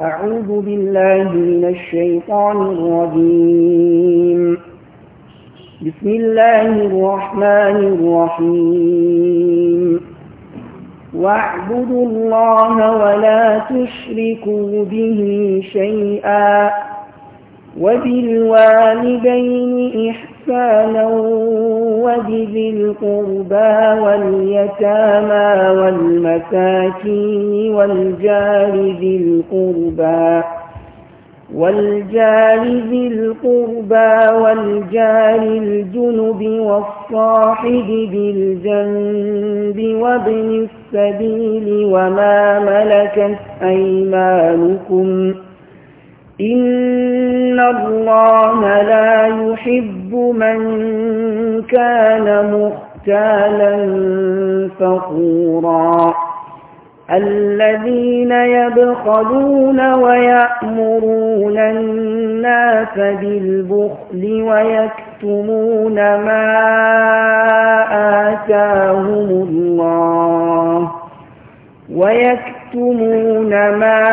أعوذ بالله من الشيطان الرجيم بسم الله الرحمن الرحيم واعبدوا الله ولا تشركوا به شيئا وبالوالدين إحسانا إحسانا وبذي القربى واليتامى والمساكين والجار ذي القربى والجار ذي القربى والجار الجنب والصاحب بالجنب وابن السبيل وما ملكت أيمانكم اللَّهَ لَا يُحِبُّ مَن كَانَ مُخْتَالًا فَخُورًا الَّذِينَ يَبْخَلُونَ وَيَأْمُرُونَ النَّاسَ بِالْبُخْلِ وَيَكْتُمُونَ مَا آتَاهُمُ اللَّهُ وَيَكْتُمُونَ يكتمون ما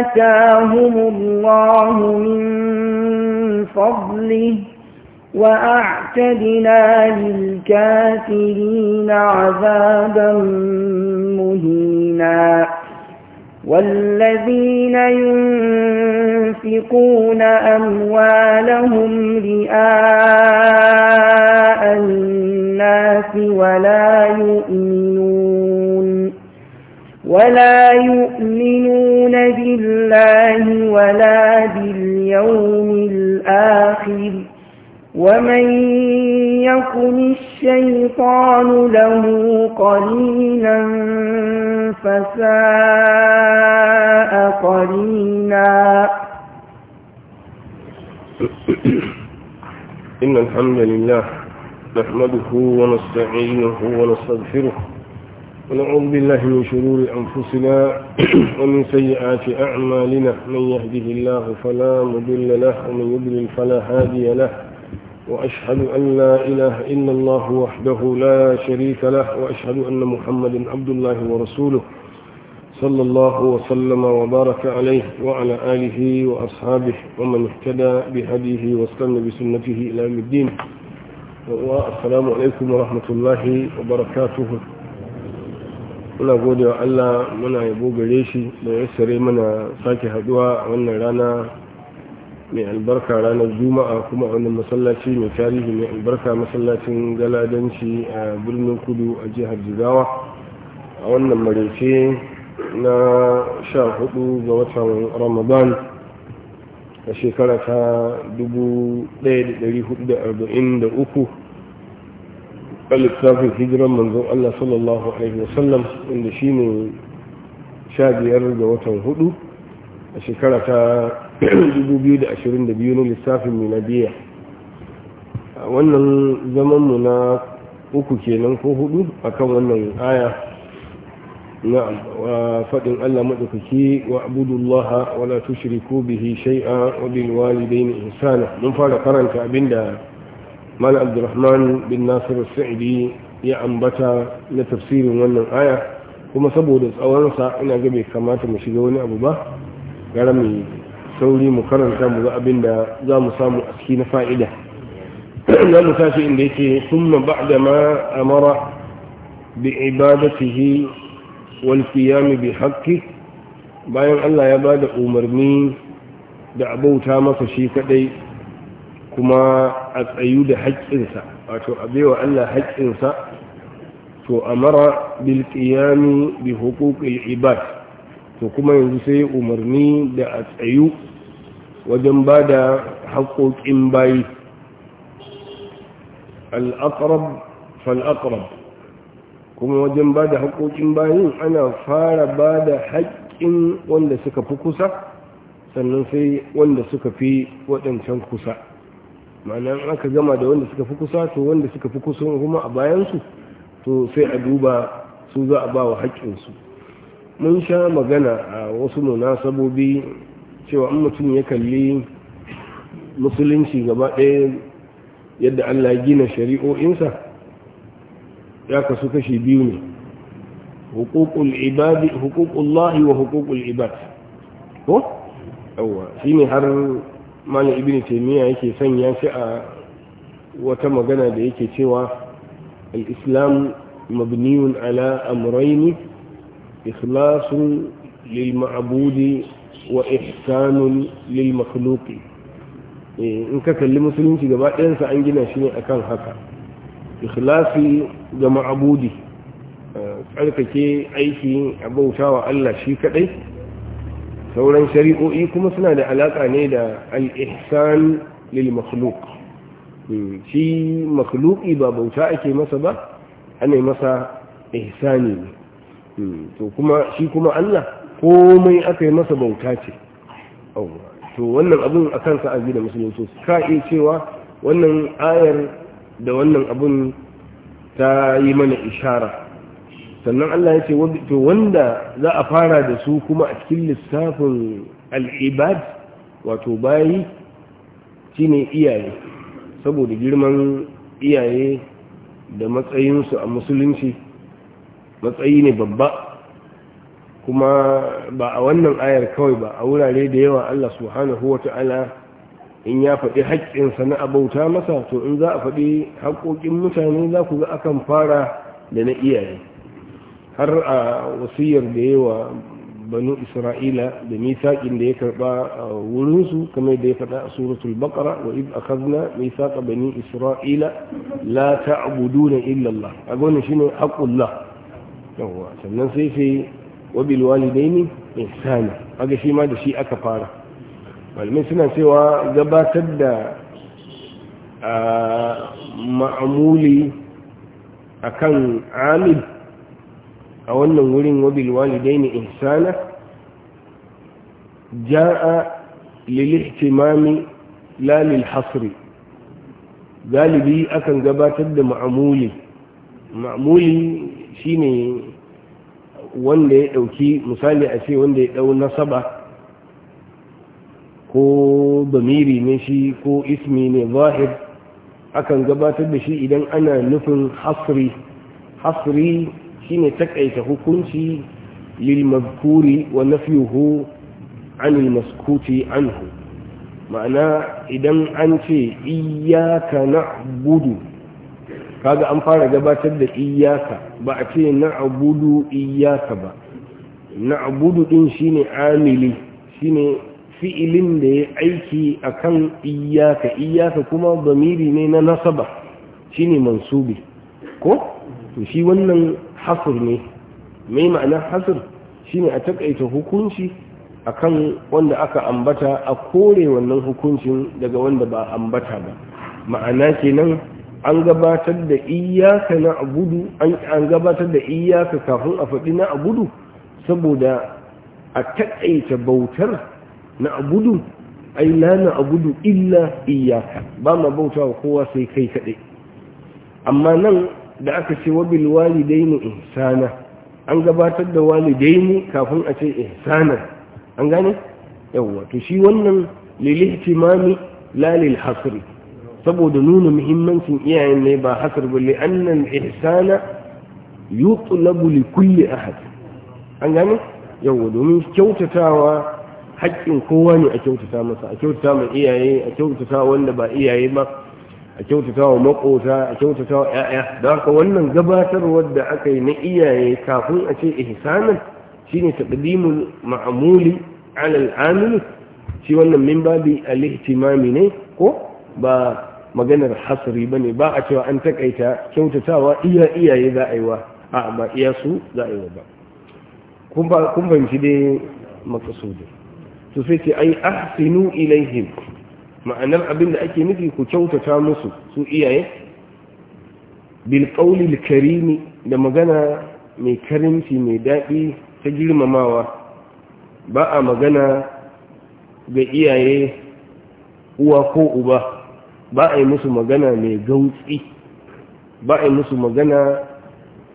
آتاهم الله من فضله وأعتدنا للكافرين عذابا مهينا والذين ينفقون أموالهم رئاء الناس ولا يؤمنون ولا يؤمنون بالله ولا باليوم الآخر ومن يكن الشيطان له قليلا فساء قليلا إن الحمد لله نحمده ونستعينه ونستغفره ونعوذ بالله من شرور أنفسنا ومن سيئات أعمالنا من يهده الله فلا مضل له ومن يضلل فلا هادي له وأشهد أن لا إله إلا الله وحده لا شريك له وأشهد أن محمدا عبد الله ورسوله صلى الله وسلم وبارك عليه وعلى آله وأصحابه ومن اهتدى بهديه واستنى بسنته إلى يوم الدين والسلام عليكم ورحمة الله وبركاته muna gode wa Allah muna yabo gare shi da sare mana sake haduwa a wannan rana mai albarka ranar juma'a kuma a wannan masallaci mai tarihi mai albarka masallacin galadanci a birnin kudu a jihar jigawa a wannan marece na sha hudu ga watan ramadan a shekara ta 1443 a littafin hijiran manzon Allah sallallahu Alaihi wasallam inda shi ne sha biyar ga watan hudu a shekara ta 2022 na lissafin miladiya wannan mu na uku kenan ko hudu akan wannan aya na faɗin Allah maɗaukaki wa abudullaha wala tushriku bihi shay'a wa bil walidaini ihsana mun fara karanta abinda mal abdurrahman bin nasir sa'idi ya ambata na tafsirin wannan aya kuma saboda tsawonsa ina ga bai kamata mu shiga wani abu ba gara mai sauri mu karanta mu ga abin da za mu samu a na fa'ida za mu tashi inda yake summa ba'da ma amara bi ibadatihi wal qiyam bi bayan Allah ya bada umarni da abauta masa shi kadai kuma a tsayu da haƙƙinsa wato a baiwa Allah haƙƙinsa to amara bil qiyami bi huquqil ibad to kuma yanzu sai umarni da a tsayu wajen bada haƙoƙin bayi al'aƙarab fal'aƙarab kuma wajen bada da haƙoƙin bayin ana fara bada da haƙƙin wanda suka fi kusa sannan sai wanda suka fi waɗancan kusa ma'ana aka gama da wanda suka fi kusa to wanda suka fi kusa kuma a bayansu to sai a duba su za a ba wa haƙƙinsu mun sha magana a wasu munasabobi cewa in mutum ya kalli musulunci gaba ɗaya yadda allah gina shari'o'insa ya kasu kashi biyu ne hukukullahi wa hukukul ibad ko? yawwa shi ne har malam ibn taymiya yake sanya shi a wata magana da yake cewa al-islam mabniyun ala amrayn ikhlasun lil ma'budi wa ihsanun lil makhluqi eh, in ka kalli musulunci gaba ɗayansa an gina shi ne akan haka ikhlasi ga ma'budi eh, tsarkake aiki a bautawa Allah shi kaɗai. sauran shari'o'i kuma suna da alaƙa ne da al'ihsan ihsan lil hmm, shi makhluki ba bauta ake masa ba ana masa ihsani ne hmm, to kuma shi kuma Allah komai aka yi masa bauta ce to wannan abun a kansa a da musulunci ka iya cewa wannan ayar da wannan abun ta yi mana ishara sannan Allah ya ce to wanda za a fara da su kuma a cikin lissafin al'ibad wato bayi shine iyaye saboda girman iyaye da matsayinsu a musulunci matsayi ne babba kuma ba a wannan ayar kawai ba a wurare da yawa Allah subhanahu wa ta'ala in ya faɗi haƙƙinsa na abauta masa to in za a faɗi haƙƙoƙin mutane za ku ga akan fara da na iyaye har a wasiyar da ya wa banu isra'ila da misaƙin da ya karɓa a wurinsu kamar da ya faɗa a suratul bakara wa id akhadna misaqa bani isra'ila la ta'buduna illa Allah a shi shine haqqullah yawa sannan sai sai wa bil walidaini ihsana aga shi ma da shi aka fara malamai suna cewa gabatar da ma'amuli akan amil a wannan wurin wabil walidaini ihsana ja'a lil ihtimami la lil hasri galibi akan gabatar da ma'amuli ma'amuli shine wanda ya dauki misali a ce wanda ya dau nasaba ko bamiri ne shi ko ismi ne zahir akan gabatar da shi idan ana nufin hasri hasri shine takaita hukunci lil mazkuri wa nafyuhu an al maskuti anhu ma'ana idan an ce iyyaka na'budu kaga an fara gabatar da iyaka, ba a ce na'budu iyyaka ba na'budu din shine amili shine fi'ilin da ya aiki akan iyaka. Iyaka kuma zamiri ne na nasaba shine mansubi ko to shi wannan hasur ne mai ma'ana hasur shine a takaita hukunci akan wanda aka ambata a kore wannan hukuncin daga wanda ba ambata ba ma'ana kenan an gabatar da iyaka na abudu an gabatar da iyaka kafin a faɗi na abudu saboda a takaita bautar na abudu a la na abudu illa iyaka ba ma wa kowa sai kai kaɗai amma nan da aka ce wa bil walidaini sana, an gabatar da walidaini kafin a ce ihsana an gane yawwa to shi wannan lil ihtimami la lil hasri saboda nuna muhimmancin iyayen ne ba hasar ba li annan ihsana yutlabu li kulli ahad an gane yawa domin kyautatawa haƙƙin kowa ne a kyautata masa a kyautata mai iyaye a kyautata wanda ba iyaye ba a kyautata wa makota a kyautata wa ƴaƴa da haka wannan gabatarwar da aka yi na iyaye kafin a ce ihsanan shine taqdimul ma'muli ala al shi wannan min babi al-ihtimami ne ko ba maganar hasri bane ba a cewa an takaita kyautatawa iya iyaye za a yi wa a ba iya su za a yi wa ba kun fahimci dai makasudin to sai ce ai ahsinu ilaihim ma'anar abin da ake nufi ku kyautata musu su iyaye bil qawli karimi da magana mai karimci mai daɗi ta girmamawa ba a magana ga iyaye uwa ko uba ba a yi musu magana mai gautsi ba a yi musu magana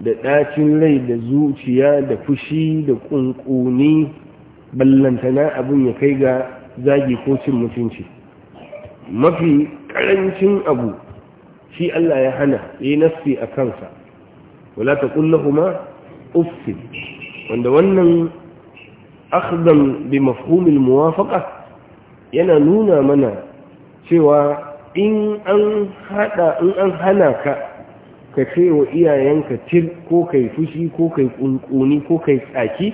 da ɗacin rai da zuciya da fushi da ƙunƙuni ballantana abin ya kai ga zagi ko cin mutunci mafi karancin abu shi Allah ya hana yi nassi a kansa wala ta kullahuma uffin wanda wannan akhdan bi mafhumil muwafaqa yana nuna mana cewa in an hada in an hana ka ka ce wa iyayenka tir ko kai fushi ko kai kunkuni ko kai tsaki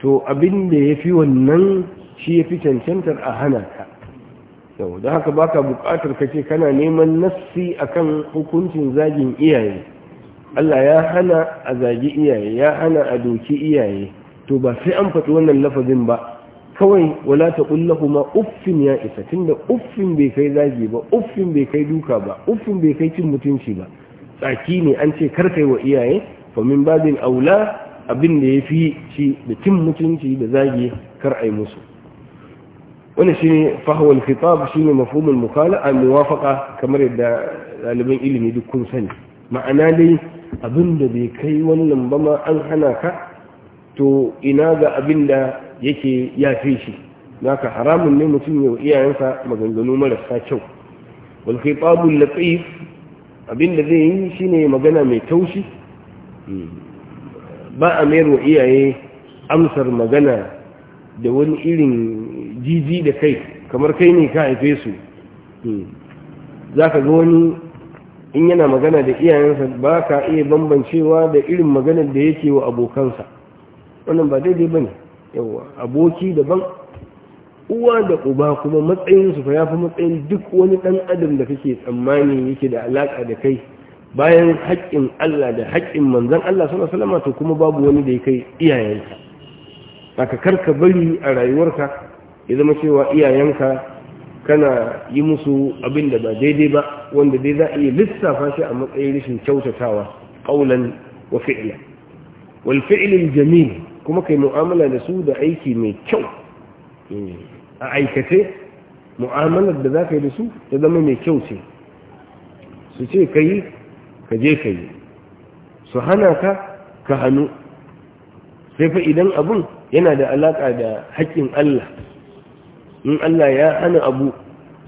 to abin da fi wannan shi ya fi cancantar a hana ka yau da haka baka bukatar ka ce kana neman nassi akan hukuncin zagin iyaye Allah ya hana a zagi iyaye ya hana a doki iyaye to ba sai an faɗi wannan lafazin ba kawai wala ta kuma uffin ya isa tunda uffin bai kai zagi ba uffin bai kai duka ba uffin bai kai cin mutunci ba tsaki ne an ce kar yi wa iyaye fa min babin aula abin da ya fi shi da cin mutunci da zagi kar ai musu wani shi ne fahawar shine shi ne mafhumul mukala a muwafaka kamar yadda ɗaliban ilimi duk kun sani ma'ana dai abin da bai kai wannan ba ma an hana ka to ina ga abin da yake ya fi shi naka haramun ne mutum yau iyayensa maganganu marasa kyau wal khitabul latif abin da zai yi shine magana mai taushi ba a mayar wa iyaye amsar magana da wani irin jiji da kai kamar kai ne ka haife su hmm. za ka ga wani in yana magana da iyayensa ba ka iya bambancewa da irin maganar da yake wa abokansa wannan ba daidai ba ne yawa aboki daban uwa da uba kuma matsayinsu fa ya fi matsayin duk wani ɗan adam da kake tsammani yake da alaƙa da kai bayan haƙƙin Allah da haƙƙin manzan Allah suna salama to kuma babu wani da ya kai iyayenka kar karka bari a rayuwarka ya zama cewa iyayenka kana yi musu abin da ba daidai ba wanda dai za a iya lissafa shi a matsayin rashin kyautatawa ƙaunan wa fi'ila wal fi'ilin jamil kuma kai mu'amala da su da aiki mai kyau a aikace mu'amalar da za ka yi da su ta zama mai kyau ce su ce ka yi ka je ka yi su hana ka ka hannu sai fa idan abin yana da alaƙa da haƙƙin Allah in Allah ya hana abu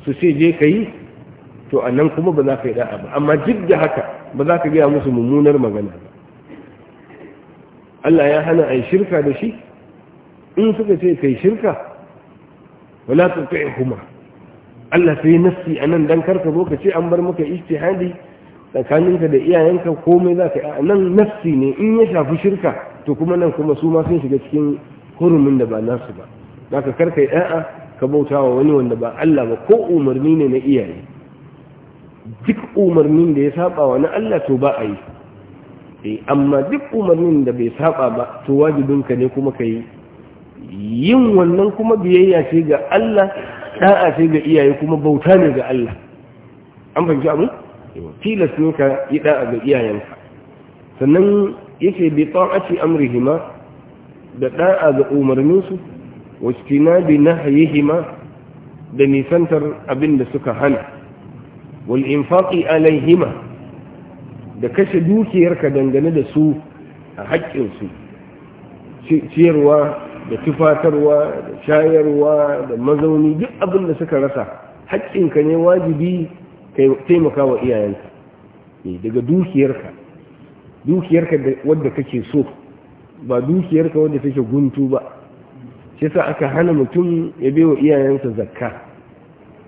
su ce je ka yi to a nan kuma ba za ka yi da'a ba amma duk da haka ba za ka gaya musu mummunar magana ba Allah ya hana a yi shirka da shi in suka ce ka yi shirka wala ta ta'i kuma Allah sai nassi a nan dan karka zo ka ce an bar maka hadi tsakaninka da iyayenka komai za ka yi a nan nassi ne in ya shafi shirka to kuma nan kuma su ma sun shiga cikin hurumin da ba nasu ba za ka karka yi ɗa'a ka bauta wa wani wanda ba Allah ba ko umarni ne na iyaye duk umarnin da ya saba wa na Allah to ba a yi eh amma duk umarnin da bai saba ba to wajibinka ne kuma ka yi yin wannan kuma biyayya ce ga Allah ɗa'a ce ga iyaye kuma bauta ne ga Allah an fahimci abu tilas ne ka yi ɗa'a ga iyayenka sannan yake bi ta'ati amrihima da da'a ga umarninsu واجتناب نهيهما دني سنتر suka hana هنا والإنفاق hima? da kashe dukiyarka dangane da su a haƙƙinsu ciyarwa da tufatarwa da shayarwa da mazauni duk abin da suka rasa haƙƙinka ne wajibi taimaka wa iyayenka daga dukiyarka dukiyarka wadda kake so ba dukiyarka wadda take guntu ba shi sa aka hana mutum ya baiwa iyayensa zakka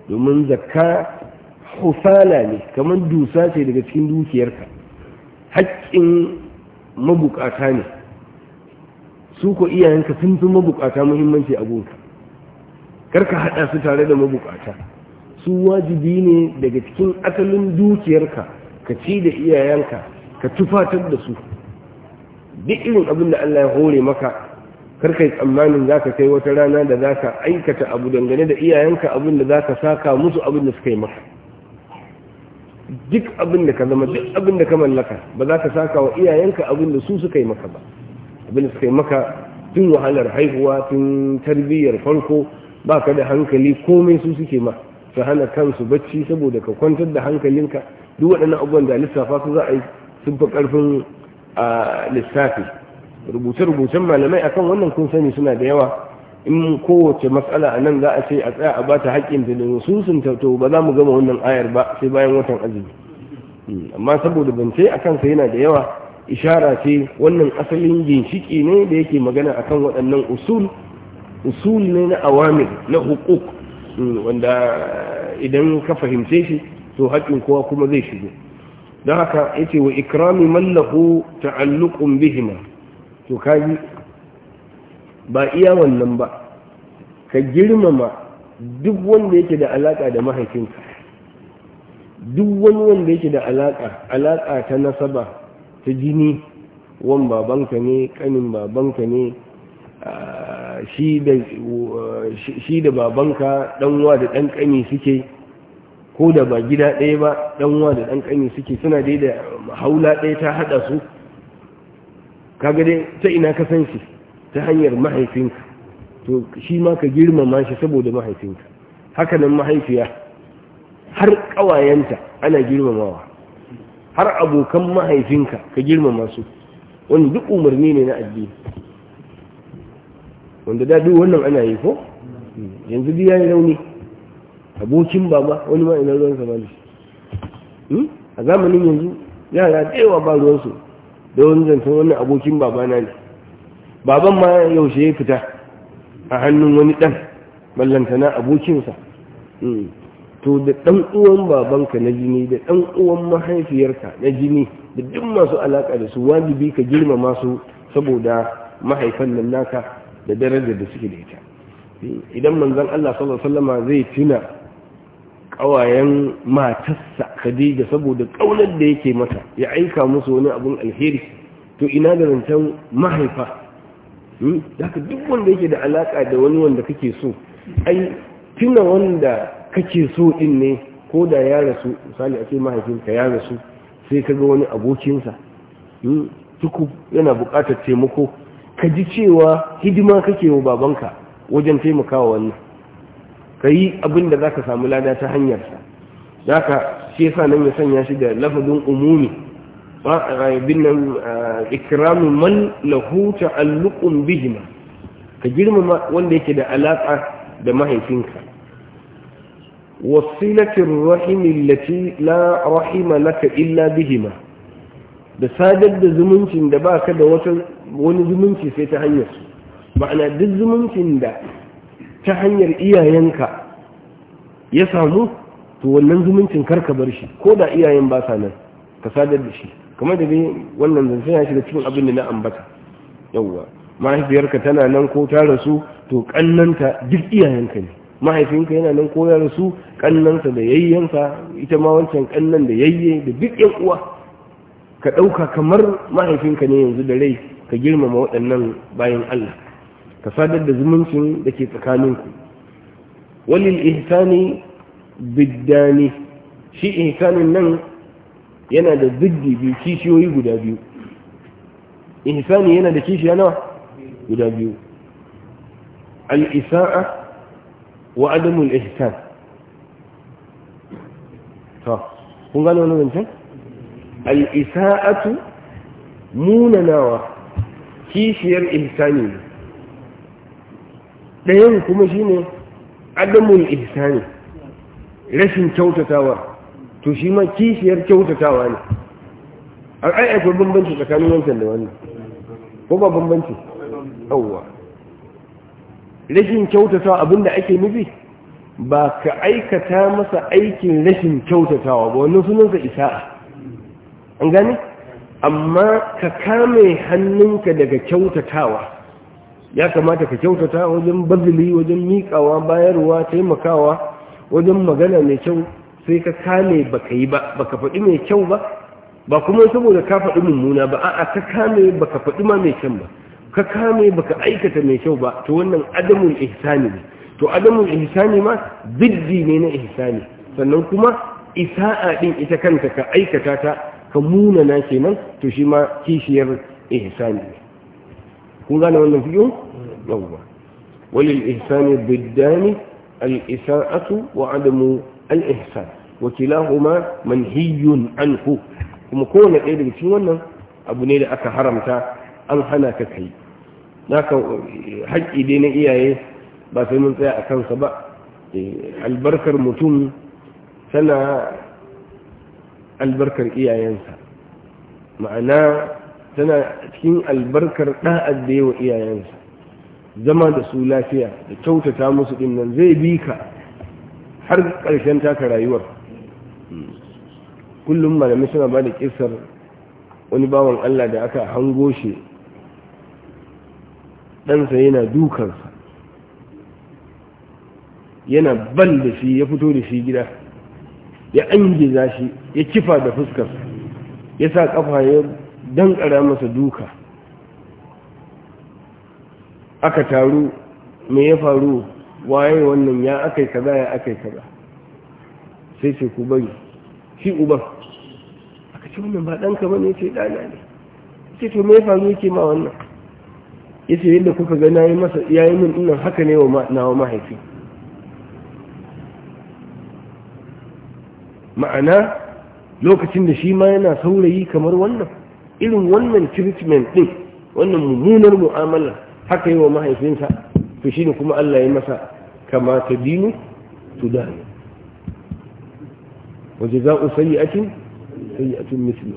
domin zakka hufala ne kamar dusa ce daga cikin dukiyarka haƙƙin mabukata ne su ko iyayenka sun fi mabukata muhimmanci a gunka karka haɗa su tare da mabukata su wajibi ne daga cikin asalin dukiyarka ka ci da iyayenka ka tufatar da su duk irin abin da Allah ya hore maka karkai tsammanin za ka kai wata rana da za ka aikata abu dangane da iyayenka abin da za ka saka musu abin da suka yi maka duk abin da ka zama duk abin da ka mallaka ba za ka saka wa iyayenka abin da su suka yi maka ba abin da suka yi maka tun wahalar haihuwa tun tarbiyyar farko ba ka da hankali komai su suke ma su hana kansu bacci saboda ka kwantar da hankalinka duk waɗannan abubuwan da lissafa su za a yi sun fi ƙarfin ah, lissafi rubuce-rubucen malamai akan wannan kun sani suna da yawa in kowace matsala a nan za a ce a tsaya a ba ta haƙƙin ta da nususun ta to ba za mu gama wannan ayar ba sai bayan watan azumi hmm, amma saboda bance a kansa yana da yawa ishara ce wannan asalin ginshiki ne da yake magana akan waɗannan usul usul ne na awamir na hukuk hmm, wanda idan ka fahimce shi to haƙƙin kowa kuma zai shigo don haka yace wa ikrami mallaku ta'alluƙun ta'alluqun bihima to kaji ba iya wannan ba ka girmama duk wanda yake da alaka da mahaifinka duk wani wanda yake da alaka alaka ta nasaba ta jini wan babanka ne kanin babanka ne shi da babanka danwa da ɗan kani suke ko da ba gida ɗaya ba danwa da ɗan kani suke suna dai da haula ɗaya ta haɗa su kaga dai ta ina ka san shi ta hanyar mahaifinka to shi ma ka girmama shi saboda mahaifinka haka nan mahaifiya har ƙawayenta ana girmamawa har abokan mahaifinka ka girmama su wani duk umarni ne na addini wanda da duk wannan ana yi ko yanzu duk ya yi rauni abokin baba wani ma ina ruwan samari. ne hmm? a zamanin yanzu yara da yawa ba ruwansu da wani zancen wani abokin babana ne baban ma yaushe ya fita a hannun wani ɗan ballantana abokinsa hmm. to da ɗan uwan babanka na jini da ɗan uwan mahaifiyarka na jini da duk masu alaƙa da su wajibi ka girmama su saboda mahaifan nan naka da darajar da suke da ita hmm. idan manzon Allah sallallahu alaihi wasallam zai tuna ƙawayen matarsa khadija saboda ƙaunar da yake mata ya aika musu wani abun alheri to ina hmm? da rancen mahaifa haka duk wanda yake da alaƙa da wani wanda kake so ai tuna wanda kake so din ne ko da ya rasu misali a ce mahaifinka ya rasu sai ka ga wani abokinsa tuku hmm? yana buƙatar taimako ka ji cewa hidima kake wa babanka wajen taimakawa wannan ka yi abin da za ka samu lada ta hanyarsa za ka shi yasa nan ya sanya shi da lafazin umumi bin nan ikiramu man lahu allukun bihima ka girmama wanda yake da alaƙa da mahaifinka wasilatir rahimin lati la rahima laka illa bihima da sadar da zumuncin da ba ka da wani zumunci sai ta hanyar su ma'ana duk zumuncin da ta hanyar iyayenka ya samu to wannan zumuncin karka bar shi ko da iyayen ba sa nan ka sadar da shi kamar da dai wannan zance ya shiga cikin abin da na ambata yawwa mahaifiyarka tana nan ko ta rasu to kannanta duk iyayenka ne mahaifinka yana nan ko ya rasu kannansa da yayyensa ita ma wancan kannan da yayye da duk yan uwa ka ɗauka kamar mahaifinka ne yanzu da rai ka girmama waɗannan bayan Allah ka sadar da zumuncin da ke tsakaninku walil ihsani biddani shi ihsanin nan yana da ziddi biyu kishiyoyi guda biyu ihsani yana da kishiya nawa guda biyu Al'isa'a wa adamul ihsan to kun gano wannan zancen Al'isa'atu munanawa kishiyar ihsani ne ɗayan kuma shi shine adamul ihsani rashin kyautatawa to shi ma kishiyar kyautatawa ne ai akwai bambanci tsakanin wancan da wannan ko ba bambanci yawwa rashin kyautatawa abinda ake nufi ba ka aikata masa aikin rashin kyautatawa ba wannan sunansa isa'a an gane amma ka kame hannunka daga kyautatawa ya kamata ka kyautata wajen bazili wajen miƙawa bayarwa taimakawa wajen magana mai kyau sai ka kame baka yi ba ka faɗi mai kyau ba ba kuma saboda ka faɗi mummuna ba a'a ka kame baka faɗi ma mai kyau ba ka kame ba ka aikata mai kyau ba to wannan adamun ihsani ne to adamun ihsani ma biddi ne na ihsani sannan kuma isa'a din ita kanta ka aikata ta ka munana kenan to shi ma kishiyar ihsani ne kun gane wannan fiye يوما وللإنسان ضدان الإساءة وعدم الإحسان وكلاهما منهي عنه ومكون إذن كيوانا أبو نيل أكا حرمتا أنحنا كتحي ذاك حج إدينا إياه بس من سيئة كان سبق البركر متوم سنة البركر إياه ينسى معناه سنة تكين البركر قاعد ديو إياه ينسى zama da su lafiya da kyautata musu din nan zai bi ka har ƙarshen taka rayuwar kullum malami suna ba da ƙisar wani bawan Allah da aka hango shi ɗansa yana dukansa yana ban da shi ya fito da shi gida ya angiza shi ya kifa da fuskarsa ya sa ƙafa ya dankara masa duka aka taru me ya faru waye wannan ya akai kaza ya akai kaza sai ce ku bari shi uban aka ce wannan ba ɗanka ba ne ce ɗana ne ce to me ya faru yake ma wannan ya ce yadda kuka ga nayi masa yayin min ɗinnan haka ne wa mahaifi ma'ana lokacin da shi ma yana saurayi kamar wannan irin wannan treatment ɗin wannan mummunar mu'amala haka yi wa mahaifinsa to shi ne kuma Allah ya masa kama ta dinu su dani waje za a sayi'atin sayi'atin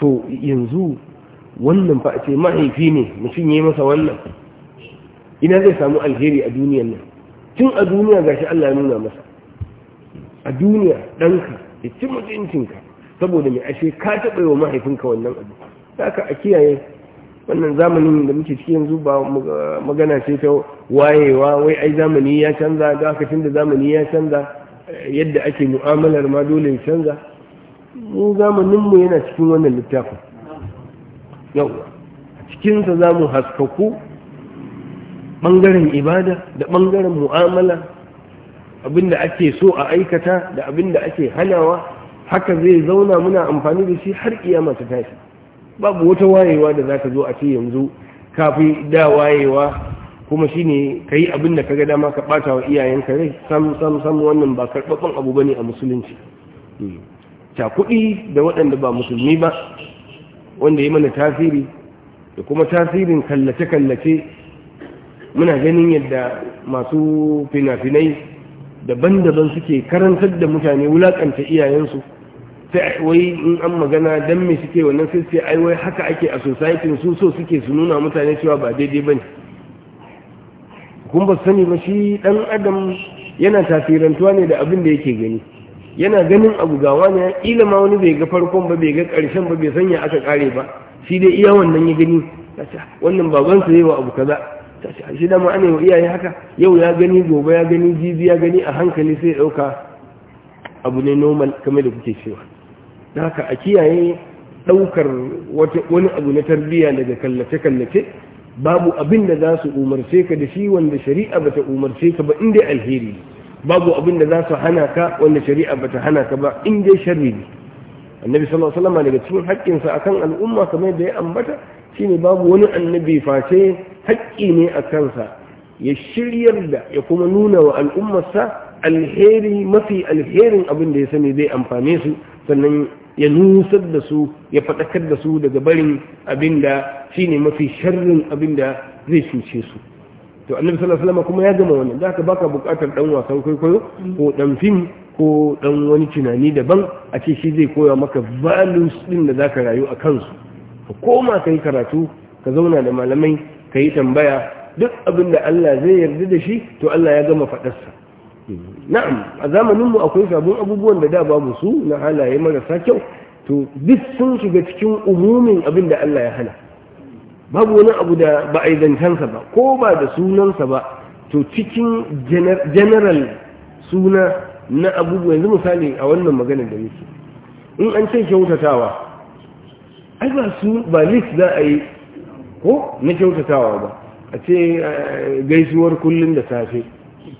to yanzu wannan fa ce mahaifi ne mutum ya yi masa wannan ina zai samu alheri a duniyan nan tun a duniya gashi Allah ya nuna masa a duniya ɗanka ya ci mutuncinka saboda mai ashe ka taɓa yi wa mahaifinka wannan abu ta ka a kiyaye wannan zamanin da muke ciki yanzu ba magana ce ta wayewa wai ai zamani ya canza ga gafashin da zamani ya canza yadda ake mu'amalar ma dole ya canza mu zamaninmu yana cikin wannan littafin yau cikinsa za mu haskaku ɓangaren ibada da ɓangaren mu'amala abinda ake so a aikata da abinda ake hanawa haka zai zauna muna amfani da shi har iya masu tashi babu wata wayewa da za ka zo a ce yanzu kafi da wayewa kuma shi ne ka yi abin da ka ga dama ka ɓata wa iyayenka rai sam sam wannan ba karɓaɓɓen abu ba ne a musulunci Ta hmm. kuɗi da waɗanda ba musulmi ba wanda ya mana tasiri da kuma tasirin kallace-kallace muna ganin yadda masu fina-finai daban-daban suke karantar da mutane wulaƙanta iyayensu sai wai in an magana dan me suke wannan sai sai ai wai haka ake a society su so suke su nuna mutane cewa ba daidai bane kun ba sani ba shi dan adam yana tasirantuwa ne da abin da yake gani yana ganin abu ga wani ila ma wani bai ga farkon ba bai ga karshen ba bai sanya aka kare ba shi dai iya wannan ya gani wannan babansa yayi wa abu kaza shi dama ana yi iyaye haka yau ya gani gobe ya gani jibi ya gani a hankali sai ya dauka abu ne normal kamar da kuke cewa haka a kiyaye ɗaukar wani abu na tarbiyya daga kallace-kallace babu abin da za su umarce ka da shi wanda shari'a ta umarce ka ba inda alheri babu abin da za su hana ka wanda shari'a bata hana ka ba inda sharri ne annabi sallallahu alaihi daga cikin haƙƙinsa akan al'umma kamar da ya ambata shine babu wani annabi face haƙƙi ne a kansa ya shiryar da ya kuma nuna wa al'ummarsa alheri mafi alherin abin da ya sani zai amfane su sannan ya nusar da su ya fadakar da su daga barin abin da shi ne mafi sharrin abin da zai cuce su to annabi sallallahu alaihi kuma ya gama wannan zaka baka bukatar dan wasan kwaikwayo ko dan fim ko dan wani tunani daban a ce shi zai koya maka values din da zaka rayu a kansu ka koma kai karatu ka zauna da malamai ka yi tambaya duk abin da Allah zai yarda da shi to Allah ya gama faɗarsa na'am a zamaninmu akwai sabon abubuwan da da babu su na halaye marasa kyau to duk sun shiga cikin umumin abin da Allah ya hana babu wani abu da ba a yi zancensa ba ko ba da sunansa ba to cikin general suna na abubuwa yanzu misali a wannan maganar da muke in an ce kyautatawa ai ba su ba list za a yi ko na kyautatawa ba a ce eh, gaisuwar kullum da safe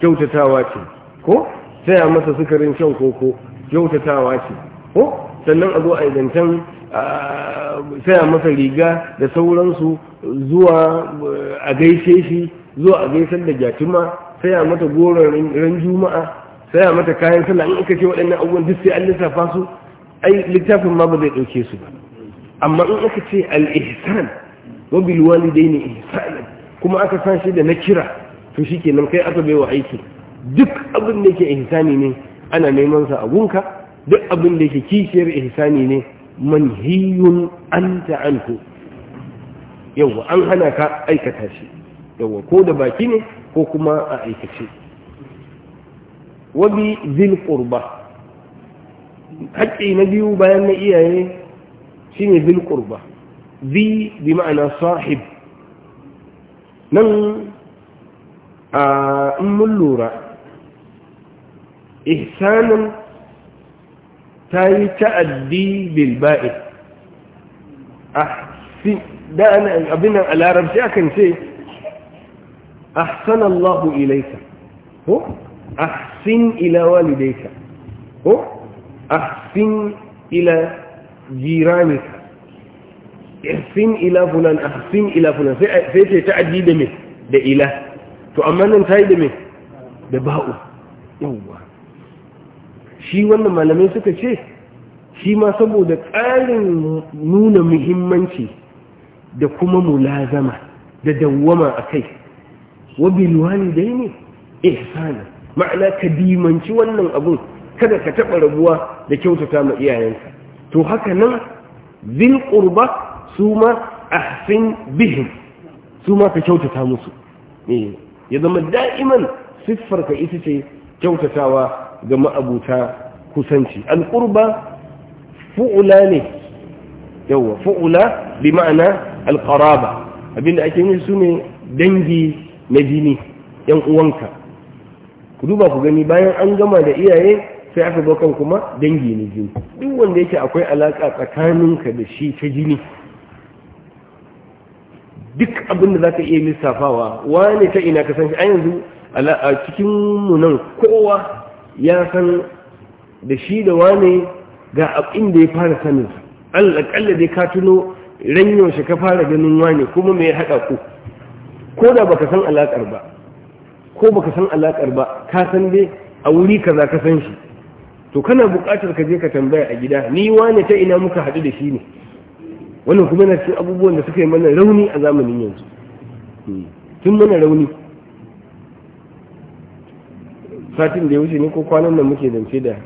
kyautatawa ce ko a masa sukarin shan koko kyautatawa ce ko sannan a zo a idantan saya masa riga da sauransu zuwa a gaishe shi zuwa a gaisar da gyatuma saya mata goron ran juma'a saya mata kayan sallah in aka ce waɗannan abubuwan duk sai an lissafa su ai littafin ma ba zai ɗauke su ba amma in aka ce al-ihsan wa bil walidaini kuma aka san shi da na kira to shi ke nan kai aka bai wa aiki duk abin da yake ihsani ne ana neman sa a gunka duk abin da yake kishiyar ihsani ne manhiyun an ta'anku Yauwa an hana ka aikata shi Yauwa ko da baki ne ko kuma a aikace wabi zil qurba haƙƙi na biyu bayan na iyaye shine zil qurba bi bi ma'ana sahib nan a in mun lura ihsanin ta yi ta'addi bilba'i da abin a larabci akan ce ahsanallahu ilaika ko ahsin ila walidaika ko ahsin ila jiranika ihsin ila fulan ahsin ila fulan sai ce ta'addi da me da ila to amma nan ta yi da me da ba'u yawwa shi wannan malamai suka ce shi ma saboda tsarin nuna muhimmanci da kuma mulazama da dawwama a kai wabil walidaini ihsana ma'ana ka dimanci wannan abun kada ka taɓa rabuwa da kyautata ma iyayensa. to haka nan zil ƙurba, su ma ahsin bihin, su ma ka kyautata musu eh. ya zama da'iman siffarka ita ce kyautatawa ga ma'abuta kusanci alƙurba fu'ula ne yawa fu'ula bi ma'ana alƙaraba abinda ake yi su ne dangi na jini yan uwanka ku duba ku gani bayan an gama da iyaye sai aka zo kan kuma dangi na jini duk wanda yake akwai alaƙa tsakaninka da shi ta jini duk abin da za ka iya lissafawa wane ta ina ka san shi a yanzu a cikin mu nan kowa ya san da shi da wane ga abin da ya fara sanin alakalla dai ka tuno ranyon shi ka fara ganin wane kuma mai haɗa ku ko da baka san alaƙar ba ko baka san alaƙar ba ka san dai a wuri ka za ka san shi to kana buƙatar ka je ka tambaya a gida ni wane ta ina muka haɗu da shi ne wannan kuma na cikin abubuwan da suka yi mana rauni a zamanin yanzu hmm. tun mana rauni satin da ya wuce ne ko kwanan nan muke zance da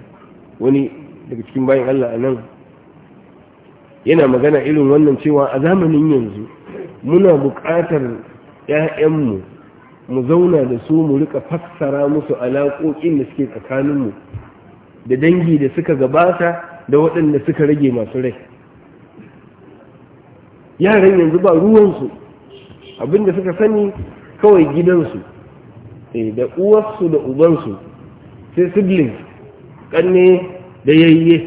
wani daga cikin bayan Allah a nan yana magana irin wannan cewa a zamanin yanzu muna buƙatar 'ya'yanmu mu zauna da su mu rika fassara musu alaƙoƙin da suke tsakaninmu da dangi da suka gabata da waɗanda suka rage masu rai yaran yanzu ba ruwansu abinda suka sani kawai gidansu eh, da uwarsu da ubansu sai siblings kanne da yayye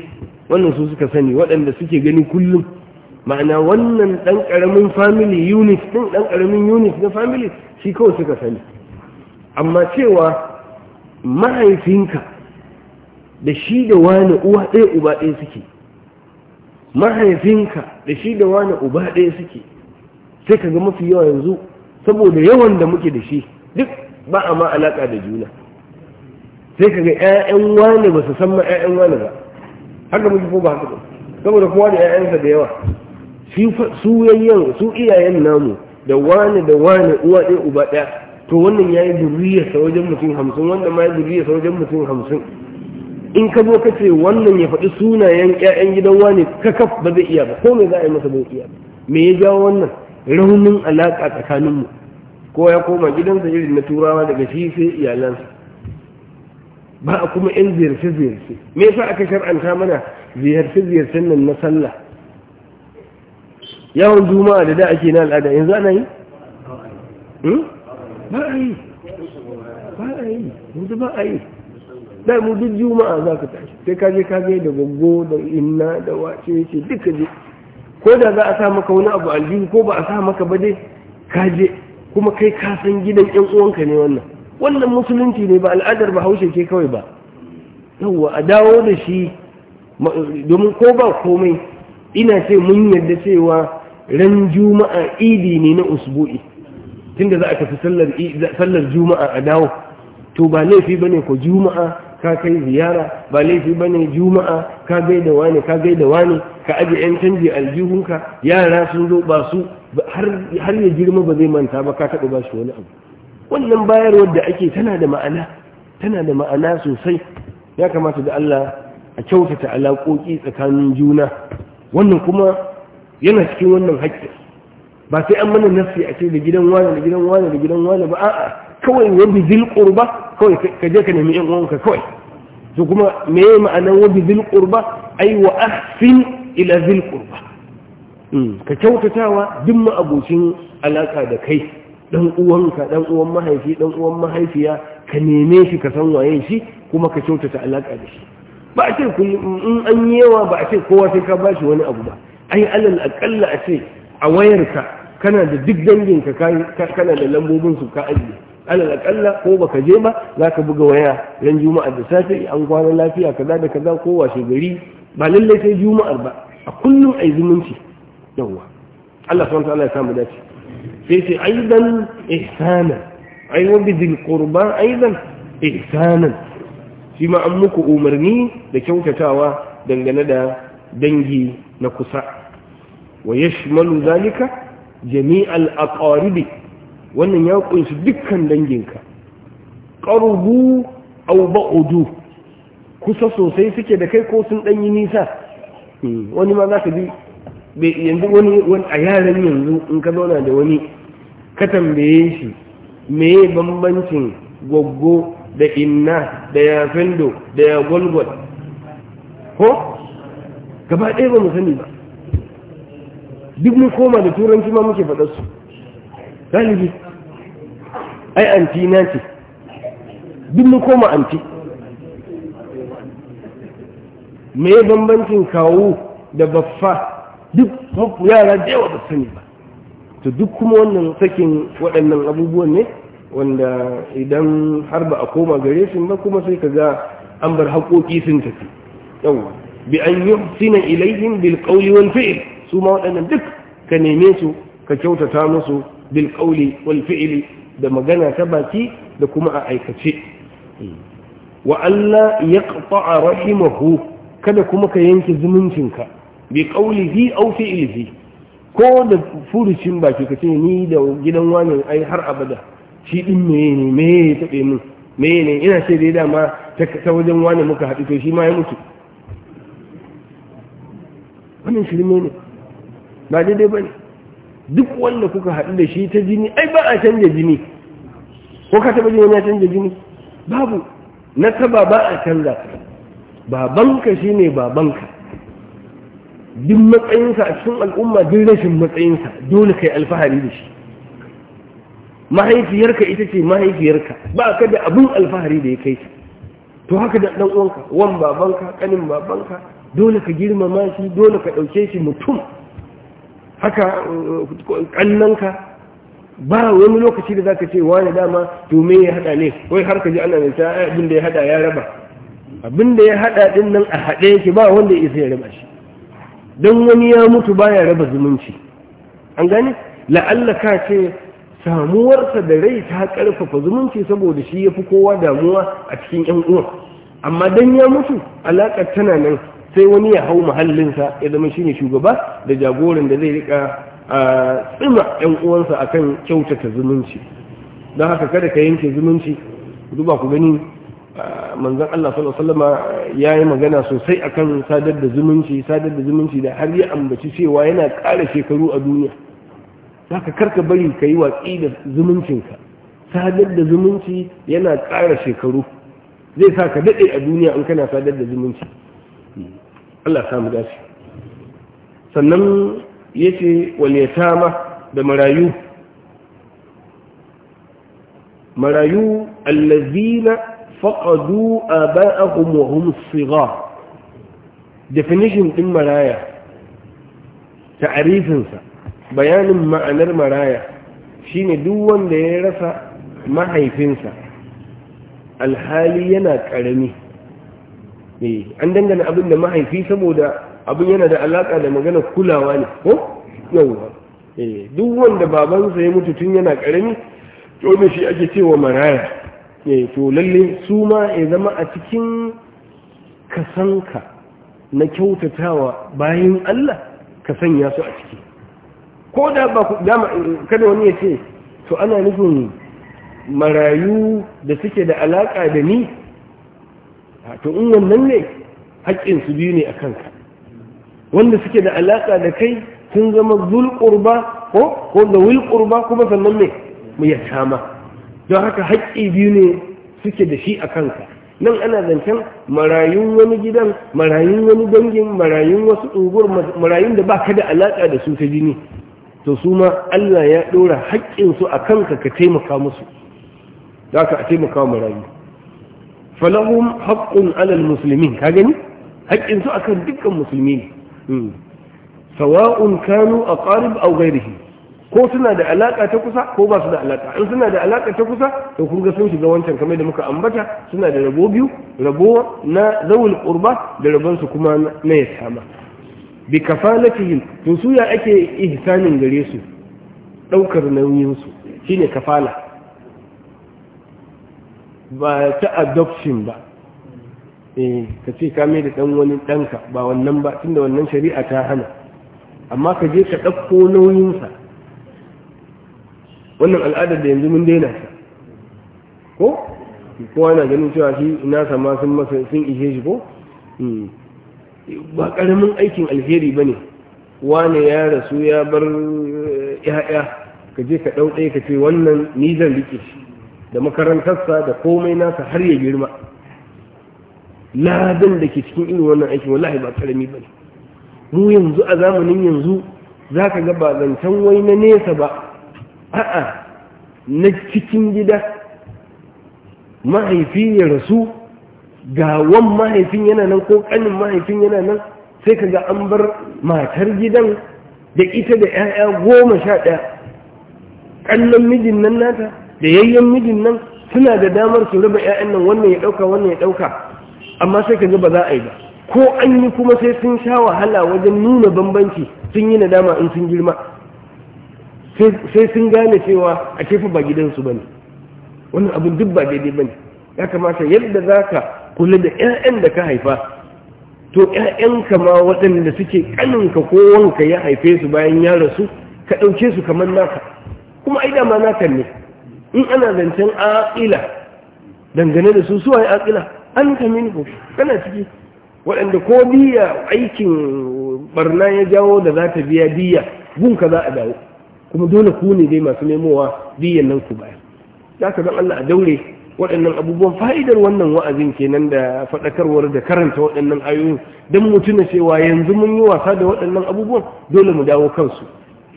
wannan su suka sani waɗanda suke gani kullum ma'ana wannan ɗan ƙaramin family unit ɗin ɗan ƙaramin unit na family shi kawai suka sani amma cewa mahaifinka da shi da wani uwa ɗaya uba ɗaya suke mahaifinka da shi da wani uba ɗaya suke sai ka ga mafi yawa yanzu saboda yawan da muke da shi duk ba a ma alaƙa da juna sai ka ga 'ya'yan wani ba su san ma ƴaƴan wani ba haka muke ko ba haka ba saboda kowa da 'ya'yansa da yawa su yayyan su iyayen namu da wani da wani uwa ɗaya uba ɗaya to wannan ya yi duriyarsa wajen mutum hamsin wanda ma ya yi duriyarsa wajen mutum hamsin in ka zo ka ce wannan ya faɗi sunayen ƴaƴan gidan wani kakaf ba zai iya ba ko me za a yi masa bai iya me ya jawo wannan raunin alaƙa tsakaninmu ko ya koma gidansa irin na turawa daga shi sai iyalansa ba a kuma ƴan ziyarce-ziyarce me yasa aka shar'anta mana ziyarce-ziyarcen nan na sallah yawon juma'a da da ake na al'ada yanzu ana yi hmm? ba a yi ba a yi ba a yi da mu duk juma'a za ka tashi sai ka je ka ga da gogo da inna da wace ce duka je ko da za a sa maka wani abu aljihu ko ba a sa maka ba dai ka je kuma kai ka san gidan yan uwanka ne wannan wannan musulunci ne ba al'adar bahaushe ke kawai ba yawwa a dawo da shi domin ko ba komai ina ce mun yadda cewa ran juma'a idi ne na usbu'i tunda za a tafi sallar juma'a a dawo to ba laifi bane ko juma'a ka kai ziyara ba laifi bane juma'a ka gaida wani ka gaida wani ka aje yan canji aljihunka yara sun zo ba su har ya girma ba zai manta ba ka taɓa ba shi wani abu wannan bayarwar da ake tana da ma'ana tana da ma'ana sosai ya kamata da Allah a kyautata alaƙoƙi tsakanin juna wannan kuma yana cikin wannan haƙƙi ba sai an mana nafsi a ce da gidan wani da gidan wani da gidan wani ba a'a kawai wani zilƙur ba. kawai ka je ka nemi yan uwanka kawai to kuma me ma'anan ma'anar wa ba ai wa ahsin ila ba hmm, ka kyautatawa duk ma'abocin alaƙa da kai dan uwanka dan uwan mahaifi dan mahaifiya ka neme shi ka san waye shi kuma ka kyautata alaka da shi ba a ce in an yi yawa ba a ce kowa sai ka bashi wani abu ba ai alal akalla a ce a wayarka kana da duk danginka kana da lambobin su ka ajiye alal akalla ko baka je ba za ka buga waya ran juma'a da safe an kwana lafiya kaza da kaza ko washe gari ba lallai sai juma'ar ba a kullum ai zumunci yawa Allah subhanahu wa ta'ala ya samu dace sai sai aidan ihsana ai wa dil qurba aidan ihsana shi ma an muku umarni da kyautatawa dangane da dangi na kusa wa yashmalu zalika jami'al aqaribi wannan ya kunshi dukkan danginka ƙarubu au ba'udu kusa sosai suke da kai ko sun yi nisa hmm, wani ma za ka bi yanzu wani a yaran yanzu in ka zauna da wani ka tambaye shi meye bambancin gwaggo da inna da ya fendo da ya gwalgwal ko gaba ɗaya ba mu sani ba duk mun koma da turanci ma muke su. galibi ai anti na ce duk mu koma anti me bambancin kawo da baffa duk yara da yawa ba sani ba to duk kuma wannan sakin waɗannan abubuwan ne wanda idan har ba a koma gare su ba kuma sai ka ga an bar haƙoƙi sun tafi yawa bi an yi sina ilayhim bil qawli wal su ma waɗannan duk ka neme su ka kyautata musu bil qawli wal fi'li da magana ta baki da kuma a aikace wa alla yaqta'a rahimahu kada kuma ka yanke zumuncinka bi fi aw fi'lihi ko da furucin baki ka ce ni da gidan wani ai har abada shi din meye ne me ya taɓe min meye ne ina ce dai dama ta wajen wani muka haɗu to shi ma ya mutu wannan shirme ne ba daidai ba ne duk wanda kuka haɗu da shi ta jini ai ba a canja jini ko ka taɓa jini wani ya canja jini babu na taba ba a canza Babanka shi ne babanka duk matsayinsa a cikin al'umma duk rashin matsayinsa dole kai alfahari da shi mahaifiyarka ita ce mahaifiyarka ba ka da abin alfahari da ya kai ta to haka da ɗan uwanka wan babanka kanin babanka dole ka girmama shi dole ka ɗauke shi mutum haka kallonka ba wani lokaci da zaka ce wa wani dama to ya hada ne wai har ka ji ana nisa abin da ya hada ya raba abin da ya hada din nan a hade yake ba wanda ya isa ya raba shi dan wani ya mutu baya raba zumunci an gane la'alla ka ce samuwarsa da rai ta karfafa zumunci saboda shi yafi kowa damuwa a cikin yan uwa amma dan ya mutu alakar tana nan sai wani ya hau mahallinsa ya zama shi ne shugaba da jagoran da zai rika tsima yan uwansa a kan kyautata zumunci don haka kada ka yanke zumunci duba ku gani manzan Allah sallallahu alaihi wasallama yayi magana sosai akan sadar da zumunci sadar da zumunci da har ya ambaci cewa yana ƙara shekaru a duniya haka karka bari ka yi watsi da zumuncinka sadar da zumunci yana ƙara shekaru zai sa ka daɗe a duniya in kana sadar da zumunci Allah samu dace sannan yace wal da marayu marayu allazina faqadu aba'ahum wa hum definition maraya ta'arifin bayanin ma'anar maraya shine duk wanda ya rasa mahaifinsa alhali yana ƙarami. eh an dangana abin da mahaifi saboda abin yana da alaka da magana kulawa ne ko yawwa eh, duk wanda babansa ya mutu tun yana karami to ne shi ake cewa maraya eh, to lalle su ma ya zama a cikin kasanka na kyautatawa bayan Allah ka sanya su a ciki ko da ba ku dama kada wani ya ce to ana nufin marayu da suke da alaka da ni to in wannan ne haƙƙin su biyu ne a kanka wanda suke da alaƙa da kai sun zama zulƙurba ko da wil kuma sannan me mu ya tama don haka haƙƙi biyu ne suke da shi a kanka nan ana zancen marayun wani gidan marayun wani dangin marayun wasu ungur marayun da baka da alaƙa da su ta jini to su ma Allah ya ɗora haƙƙinsu a kanka ka taimaka musu za ka taimaka marayu falahum haqqun alal musulmi ka gani haƙƙin su akan dukkan musulmi ne sawa'un kanu aqarib aw ghairihi ko suna da alaƙa ta kusa ko ba su da alaka in suna da alaka ta kusa to kun ga sun shiga wancan kamar da muka ambata suna da rabo biyu rabo na zawul qurba da rabonsu kuma na yasama bi kafalatihim to su ya ake ihsanin gare su daukar nauyin su shine kafala ba ta adoption ba eh ka ce ka mai da ɗan wani danka. ba wannan ba tunda wannan shari'a ta hana amma ka je ka ɗauko nauyinsa wannan al'adar da yanzu mun daina ta ko kowa na ganin cewa shi Ina sama sun masa sun ishe shi ko hmm. ba ƙaramin aikin alheri ba ne wane ya rasu ya bar ya'ya eh, ka je ka ɗau ɗaya ka ce wannan ni zan riƙe shi da makarantarsa da komai nasa har ya girma ladin da ke cikin irin wannan aikin wallahi ba karami ba mu yanzu a zamanin yanzu za ka ga ba zancen wai na nesa ba a'a na cikin gida mahaifi ya rasu gawan mahaifin yana nan ko kanin mahaifin yana nan sai ka ga an bar matar gidan da ita da 'ya'ya goma sha ɗaya ƙannan mijin nan nata da yayyen mijin nan suna da damar su raba 'ya'yan nan wannan ya ɗauka wannan ya ɗauka amma sai ka ga ba za a yi ba ko an yi kuma sai sun sha wahala wajen nuna bambanci sun yi nadama in sun girma sai sun gane cewa a kefa ba gidansu ba ne wannan abin duk ba daidai ba ne ya kamata yadda za ka kula da 'ya'yan da ka haifa to 'ya'yanka ma waɗanda suke ƙaninka ko wanka ya haife su bayan ya rasu ka ɗauke su kamar naka kuma ai dama naka ne in ana zancen aƙila dangane da su suwaye aƙila an kamin ko kana ciki waɗanda ko biya aikin barna ya jawo da za ta biya biya gunka za a dawo kuma dole ku ne dai masu nemowa biyan nan ku bayar za ka zan Allah a daure waɗannan abubuwan fa'idar wannan wa'azin kenan da faɗakarwar da karanta waɗannan ayoyin don mu tuna cewa yanzu mun yi wasa da waɗannan abubuwan dole mu dawo kansu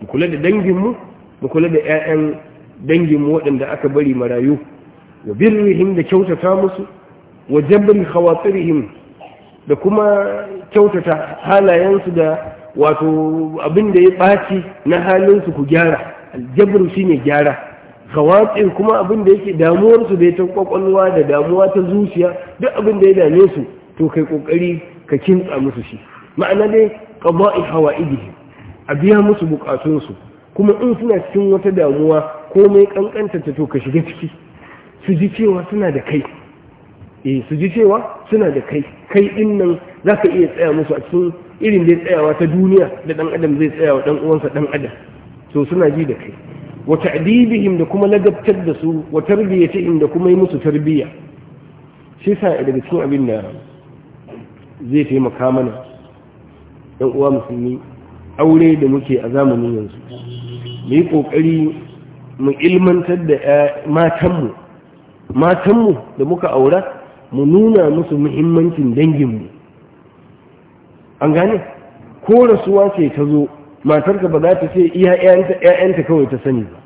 mu kula da danginmu mu kula da 'ya'yan dangin waɗanda aka bari marayu wa birrihim da kyautata musu wa jabri khawatirihim da kuma kyautata halayensu da wato abin da ya ɓaci na halinsu ku gyara aljabru shine gyara khawatir kuma abin da yake damuwarsu da ta kwakwalwa da damuwa ta zuciya duk abin da ya dame su to kai kokari ka kintsa musu shi ma'ana dai qada'i hawaidihim a biya musu bukatunsu kuma in suna cikin wata damuwa komai kankanta ta to ka shiga ciki su ji cewa suna da kai eh su ji cewa suna da kai kai din nan zaka iya tsaya musu a cikin irin da tsayawa ta duniya da dan adam zai tsaya wa dan uwansa dan adam to suna ji da kai wa ta'dibihim da kuma ladabtar da su wa tarbiyatihim da kuma yi musu tarbiyya shi sa daga cikin abin da zai taimaka mana dan uwa musulmi aure da muke a zamanin yanzu mu yi kokari mu ilmantar da matanmu matanmu da muka aura mu nuna musu muhimmancin danginmu an gane ko rasuwa ce ta zo matarka ba za ta ce iya ‘ya'yanta kawai ta sani ba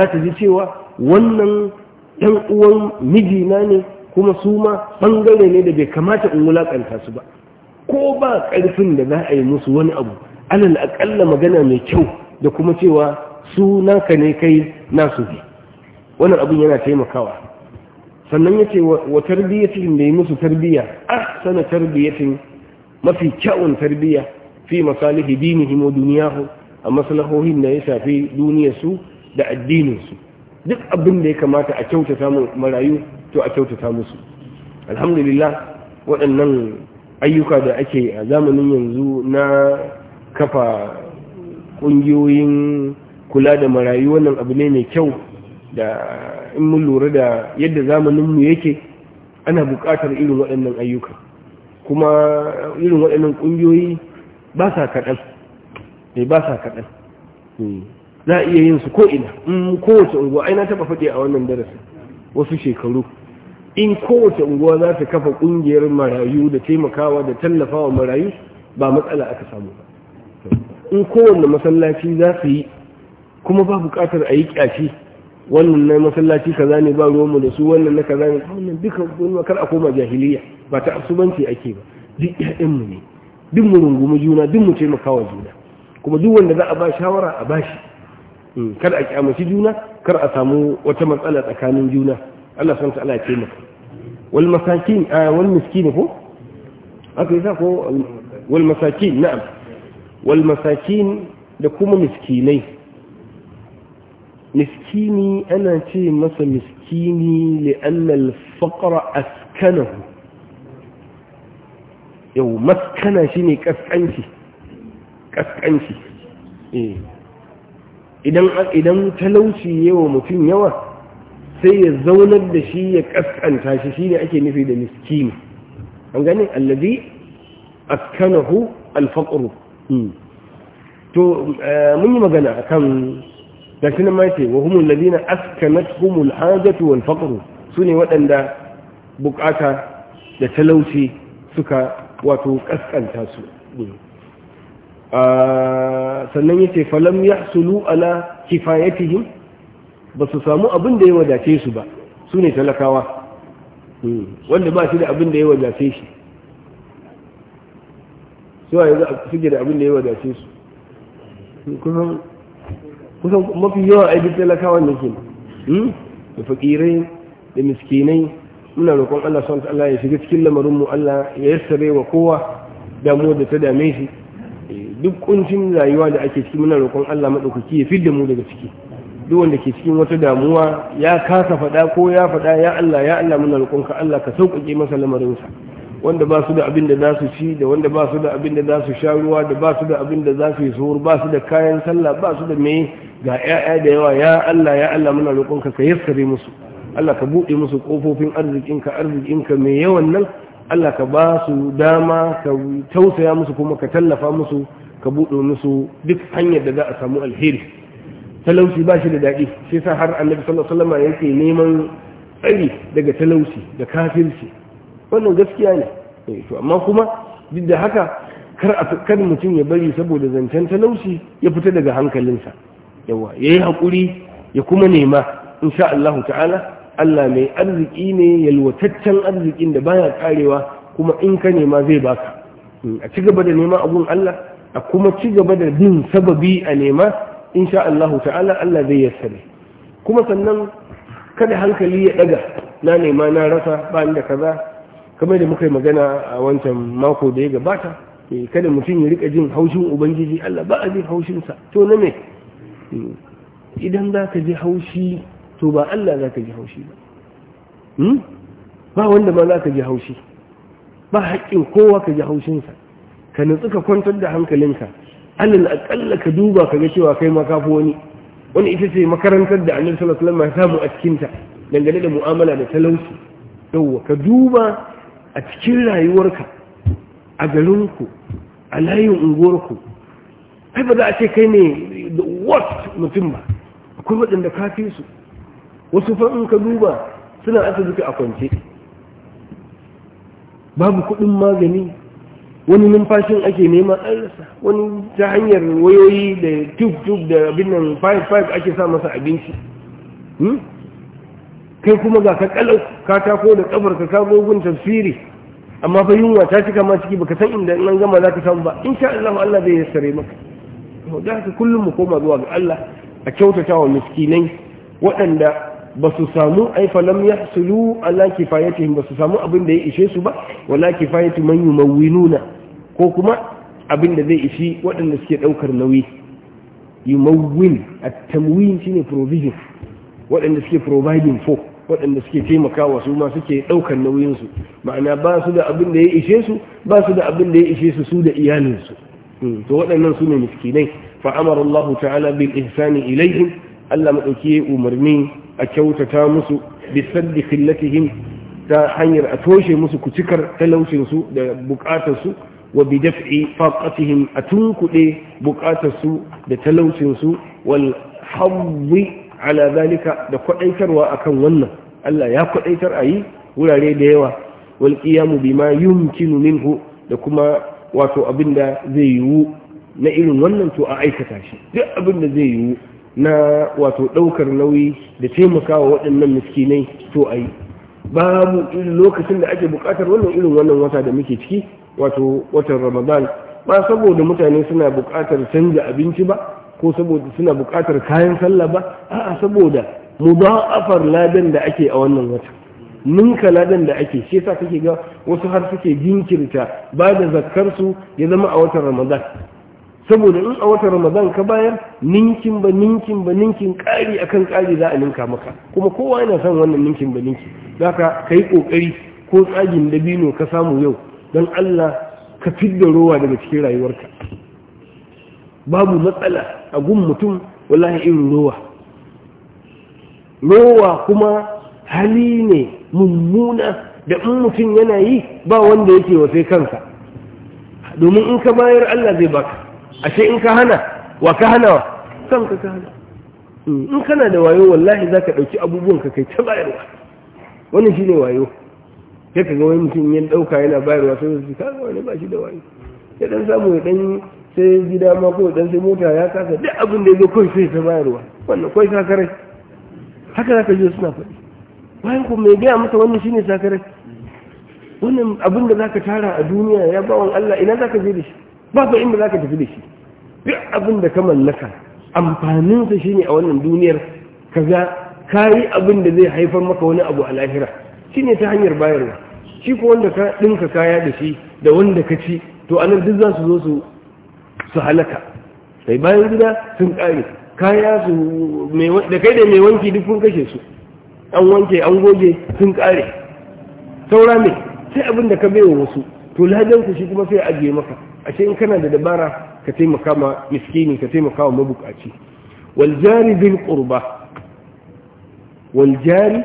za ta ji cewa wannan ‘yan uwan mijina ne kuma su ma ɓangare ne da bai kamata in wulaƙanta su ba ko ba ƙarfin da za a yi musu wani abu alal aƙalla magana mai kyau da kuma cewa su nanka ne kai nasu fi wannan abin yana taimakawa sannan ya ce wa tarbiyyatin da yi musu tarbiyya sana tarbiyyatin mafi kyawun tarbiyya fi masalihi himo duniya duniyahu a maslahohin da ya shafi duniyarsu da addininsu duk abin da ya kamata a kyautata marayu to a kyautata musu alhamdulillah waɗannan ayyuka da ake a zamanin yanzu na kafa ƙungiyoyin kula da marayu wannan abu ne mai kyau da in mun lura da yadda zamaninmu yake ana buƙatar irin waɗannan ayyuka kuma irin waɗannan ƙungiyoyi ba sa kaɗan mai eh, ba sa kaɗan hmm. za a iya yin su ko'ina in kowace unguwa aina taɓa faɗi a wannan darasi wasu shekaru in kowace unguwa za ta kafa ƙungiyar marayu da taimakawa da tallafawa marayu ba matsala aka samu ba in kowane masallaci za su yi kuma ba buƙatar a yi ƙyashi wannan na masallaci kaza ne ba ruwanmu da su wannan na kaza ne wannan duka wani makar a koma jahiliya ba ta asubanci ake ba duk ƴaƴanmu ne duk mu rungumi juna duk mu taimaka wa juna kuma duk wanda za a ba shawara a bashi mm, kar a kyamaci juna kar a samu wata matsala tsakanin juna Allah san ta Allah ya taimaka wal masakin ah, wal miskin ko aka yi sa ko wal masakin na'am wal masakin da kuma miskinai مسكيني أنا شيء مثلا مسكيني لأن الفقر أسكنه يو مسكنة شيني كف عنشي كف عنشي إيه. إذن إذن تلوشي يو مفين يو سيزون الدشي يكف عنش هاشي شيني أشي نفيد مسكين أنجاني الذي أسكنه الفقر تو آه، مني مغنى كم da shi nan ma ce wa humul ladina humul hajatu wal su sune waɗanda bukata da talauci suka wato kaskanta su sannan yace falam yahsulu ala kifayatihim ba su samu abin da ya wadace su ba sune talakawa hmm. wanda ba shi da abin da ya wadace shi su a yanzu da abin da ya wadace su kusan kusan mafi yawan aibin talakawan da ke hmm? da fakirai da miskinai muna roƙon Allah son Allah ya shiga cikin lamarin mu Allah ya yassare wa kowa damuwar da ta dame shi eh, duk kuncin rayuwa da ake ciki muna roƙon Allah maɗaukaki ya fidda mu daga ciki duk wanda ke cikin wata damuwa ya kasa faɗa ko ya faɗa ya Allah ya Allah muna roƙon ka Allah ka sauƙaƙe masa lamarinsa wanda ba su da abin da za su ci da wanda ba su da abin da za su sha ruwa da ba su da abin da za su yi suhur ba su da kayan sallah ba su da me ga 'ya'ya da yawa ya Allah ya Allah muna roƙonka ka yassare musu Allah ka buɗe musu ƙofofin arzikinka arzikinka mai yawan nan Allah ka ba su dama ka tausaya musu kuma ka tallafa musu ka buɗe musu duk hanyar da za a samu alheri talauci ba shi da daɗi shi sa har annabi sallallahu alaihi wasallam yake neman tsari daga talauci da kafirci wannan gaskiya ne eh, to amma kuma duk da haka kar mutum ya bari saboda zancen talauci ya fita daga hankalinsa yawa yayi hakuri ya kuma nema insha Allah ta'ala Allah mai arziki ne yalwataccen arzikin da baya karewa kuma in ka nema zai baka hmm, a ci gaba da nema abun Allah a kuma ci gaba da bin sababi a nema insha Allah ta'ala Allah zai yassare kuma sannan kada hankali ya daga na nema na rasa ba da kaza kamar da muka yi magana a wancan mako da ya gabata eh, kada mutum ya rika jin haushin ubangiji Allah ba a jin haushinsa to na me idan za ka ji haushi to ba Allah za ka ji haushi ba hmm? ba wanda ba za ka ji haushi ba haƙƙin kowa ka ji haushinsa ka nutsu ka kwantar da hankalinka alal aƙalla ka duba ka ga cewa kai ma kafi wani wani ita ce makarantar da annabi sallallahu alaihi wasallam ya samu a cikinta dangane da mu'amala da talauci yawwa ka duba a cikin rayuwarka a garinku a layin unguwarku kai ba za a ce kai ne wat mutum ba akwai waɗanda ka fi su wasu fa'in ka duba suna zuke a kwance babu kuɗin magani wani numfashin ake nema an rasa wani ta hanyar wayoyi da tube-tube da abin nan 5-5 ake sa masa abinci hmm? kai kuma ga ka kalau ka tako da kafar ka kago gun tafsiri amma fa yunwa ta cika ma ciki baka san inda nan gama za ka samu ba in sha Allah Allah zai yassare maka da haka kullum mu koma zuwa ga Allah a kyautata wa miskinai waɗanda ba su samu ai falam ya sulu ala kifayatihim ba su samu abin da ya ishe su ba wala kifayatu man yumawwinuna ko kuma abin da zai ishi waɗanda suke ɗaukar nauyi yumawwin at-tamwin shine provision waɗanda suke providing for waɗanda suke taimakawa su ma suke ɗaukar nauyinsu ma'ana ba su da abin da ya ishe su ba su da abin da ya ishe su su da iyalinsu to waɗannan su ne miskinai fa Allah ta'ala bil ihsani ilaihim Allah maɗauki umarni a kyautata musu bi saddi ta hanyar a toshe musu kucikar talaucin su da bukatar wa bi daf'i faqatihim atunkude bukatar su da talaucin su wal hawwi ala zalika da kwadaitarwa akan wannan Allah ya a yi wurare da yawa wal bi ma yumkinu minhu da kuma wato abin da zai yiwu na irin wannan to a aikata shi duk abin da zai yiwu na wato ɗaukar nauyi da taimakawa waɗannan miskinai to a yi babu irin lokacin da ake buƙatar wannan irin wannan wata da muke ciki wato watan ramadan ba saboda mutane suna buƙatar canza abinci ba ko saboda suna buƙatar kayan sallah ba a'a saboda mudafar ladan da ake a wannan wata ninka ladan da ake shi yasa kake ga wasu har suke jinkirta ba da zakkar su ya zama a watan ramadan saboda in a watan ramadan ka bayar ninkin ba ninkin ba ninkin ƙari akan ƙari za a ninka maka kuma kowa yana son wannan ninkin ba ninki zaka kai kokari ko tsagin dabino ka samu yau don Allah ka fidda rowa daga cikin rayuwarka babu matsala a gun mutum wallahi irin rowa rowa kuma hali ne mummuna da in mutum yana yi ba wanda yake wa sai kansa domin in ka bayar Allah zai baka ashe in ka hana wa ka hana wa kanka ka hana hmm, in kana da wayo wallahi za ka ɗauki abubuwan ka kai ta bayarwa wannan shine wayo ya ka wani mutum yin ɗauka yana bayarwa sai ka ga wani ba shi da wayo ya dan samu ya ɗan sai gida ma ko dan sai mota ya kasa duk abin da ya zo kawai sai ta bayarwa wannan kawai karai haka za ka ji suna faɗi bayan ku mai gaya masa wannan shine sakarai wannan abin da zaka tara a duniya ya bawon Allah ina zaka je da shi ba ba inda zaka tafi da shi duk abin da ka mallaka amfanin sa shine a wannan duniyar kaga kai abin da zai haifar maka wani abu a lahira shine ta hanyar bayarwa shi ko wanda ka dinka kaya da shi da wanda ka ci to anan duk za su zo su su halaka sai bayan gida sun kare kaya su da kai da mai wanki duk kun kashe su an wanke an goge sun kare saura ne sai abin da ka baiwa wasu to ladan ku shi kuma sai ajiye maka ashe in kana da dabara ka taimaka ma miskini ka taimaka ma mabukaci wal jari bil qurba wal jari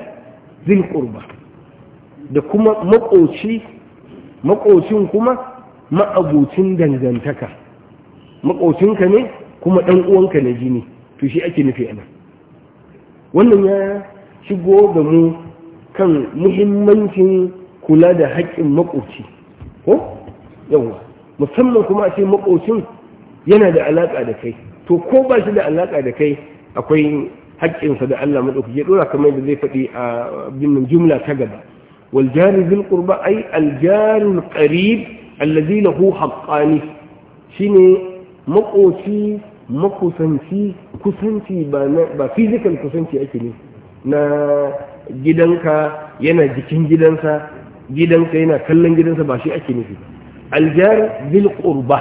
da kuma makoci makocin kuma ma'abucin dangantaka makocinka ne kuma ɗan uwanka na jini to shi ake nufi anan wannan ya shigo da mu kan muhimmancin kula da haƙƙin makoci ko yawa musamman kuma a ce makocin yana da alaƙa da kai to ko ba shi da alaƙa da kai akwai haƙƙinsa da Allah maɗaukaki ya ɗora kamar da zai faɗi a binin jumla ta gaba wal jari bil qurba ay al jari qarib allazi lahu haqqani shine makoci makusanci kusanci ba ba physical kusanci ake nufi na gidanka yana jikin gidansa gidanka yana kallon gidansa ba shi ake nufi aljar bil qurba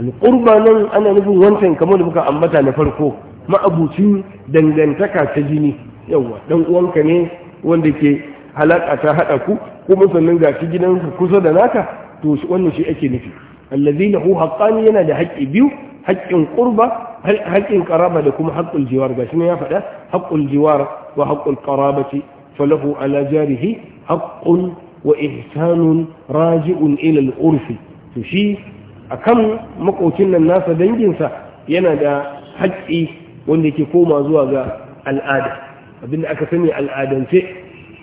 al qurba nan ana nufin wancan kamar da muka ambata na farko ma'abucin dangantaka ta jini yawa dan uwanka ne wanda ke halaka ta hada ku kuma sannan ga shi gidansa kusa da naka to wannan shi ake nufi allazi hu haqqani yana da haƙƙi biyu haƙƙin qurba haƙƙin ƙaraba da kuma haƙƙul jiwar gashi ne ya faɗa haƙƙul jiwar wa haƙƙul ƙarabati falahu ala jarihi haƙƙun wa ihsanun raji'un ila al-urfi to shi akan makocin nan nasa danginsa yana da haƙƙi wanda yake koma zuwa ga al'ada abinda aka sani al'adance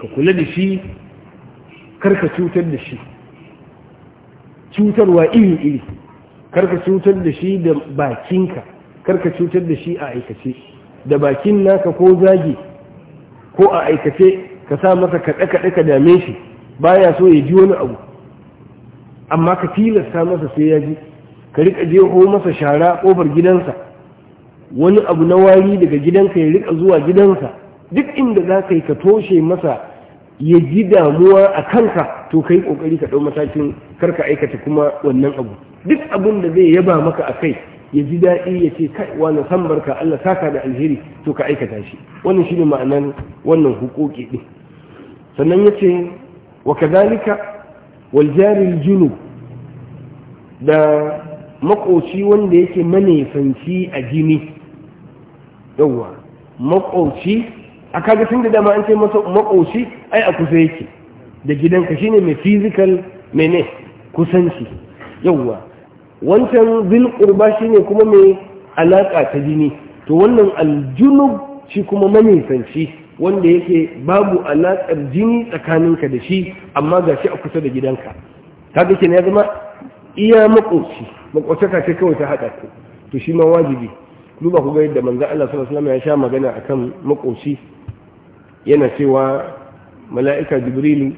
ka kula da shi karka cutar da shi cutarwa iri iri karka cutar da shi da bakinka karka cutar da shi a aikace da bakin naka ko zagi ko a aikace ka sa masa kaɗe-kaɗe ka dame shi baya so ya ji wani abu amma ka tilasta masa sai ya ji ka riƙa je ko masa shara ƙofar gidansa wani abu na wari daga gidanka ya riƙa zuwa gidansa duk inda za ka yi ka toshe masa ya ji damuwa a kanka to ka yi ƙoƙari ka ɗau matakin karka aikata kuma wannan abu duk abin da zai yaba maka a kai ya ji daɗi ya ce wani san barka Allah saka da alheri to ka aikata shi wannan shi ne ma'anan wannan hukuki ɗin sannan ya ce wa kadhalika wal jari da makoci wanda yake manefanci a jini yawwa makoci a kaga tun da dama an ce masa makoci ai a kusa yake da gidanka shine mai physical mene kusanci yawwa wancan zil qurba shine kuma mai alaƙa ta jini to wannan aljunub shi kuma manisanci wanda yake babu alaƙar jini tsakaninka da shi amma ga shi a kusa da gidanka kaga kenan ya zama iya makoci ka ce kawai ta haɗa ku to shi ma wajibi duba ku ga yadda manzon Allah sallallahu alaihi wasallam ya sha magana akan makoci yana cewa mala'ika jibrilu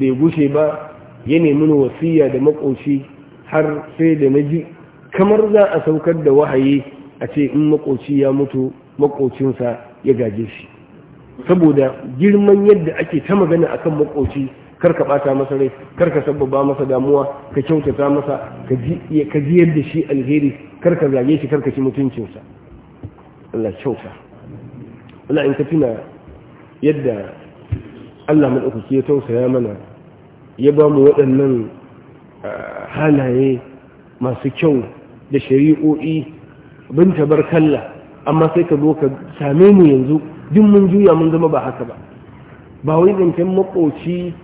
bai gushe ba ya nemi wasiya da makoci har sai da na ji kamar za a saukar da wahayi a ce in makoci ya mutu makocinsa ya gaje shi saboda girman yadda ake ta magana a kan makoci karka ka bata masa rai kar ka sababa masa damuwa ka kyautata masa ka ji yadda shi alheri kar zage shi kar ka ci mutuncinsa Allah kyauta Allah in ka tuna yadda Allah maɗaukaki ya tausaya mana ya ba mu waɗannan ah, halaye masu kyau da shari'o'i bin kalla amma sai ka zo ka same mu yanzu duk mun juya mun zama ba haka ba ba wai zancen makoci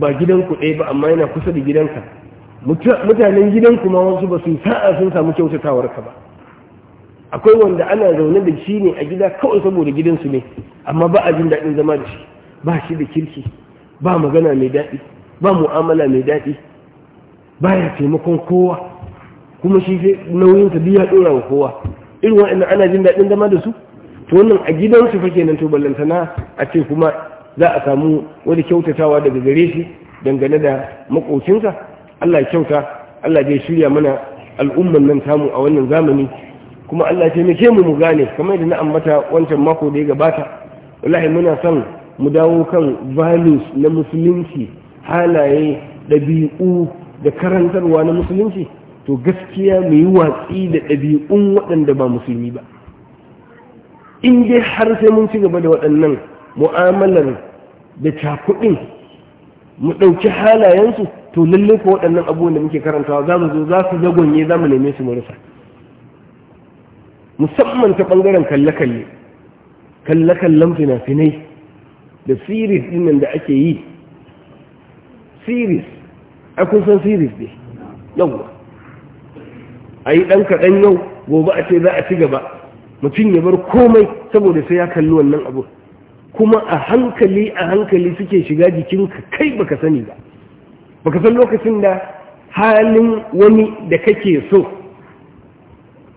ba gidanku ɗaya ba amma yana kusa da gidanka mutanen gidanku ma wasu ba su sa'a sun samu kyautatawar ka ba akwai wanda ana zaune da shi ne a gida kawai saboda gidansu ne amma ba a jin daɗin zama da shi ba shi da kirki ba magana mai daɗi ba mu'amala mai daɗi baya taimakon kowa kuma shi nauyinsa duk ya dora wa kowa irin wa'annan ana jin daɗin zama da su to wannan a gidansu fa kenan to ballantana a ce kuma za a samu wani kyautatawa daga gare shi dangane da makocinsa Allah kyauta Allah zai shirya mana al'ummar nan tamu a wannan zamani kuma Allah ya taimake mu mu gane kamar da na ambata wancan mako da ya gabata wallahi muna son mu dawo kan values na musulunci halaye ɗabi'u da karantarwa na musulunci to gaskiya mu watsi da ɗabi'un waɗanda ba musulmi ba in dai har sai mun ci gaba da waɗannan mu'amalar da cakuɗin mu ɗauki halayensu to lallai ko waɗannan abubuwan da muke karantawa za mu zo za su zagonye za mu neme su mu rasa musamman ta ɓangaren kalle-kalle kalle-kallen fina-finai da siris dinnan da ake yi siris. a kun san series ne yawwa a yi ɗan kaɗan yau gobe a ce za a ci gaba mutum ya bar komai saboda sai ya kalli wannan abu kuma a hankali a hankali suke shiga jikinka kai baka sani ba baka san lokacin da halin wani da kake so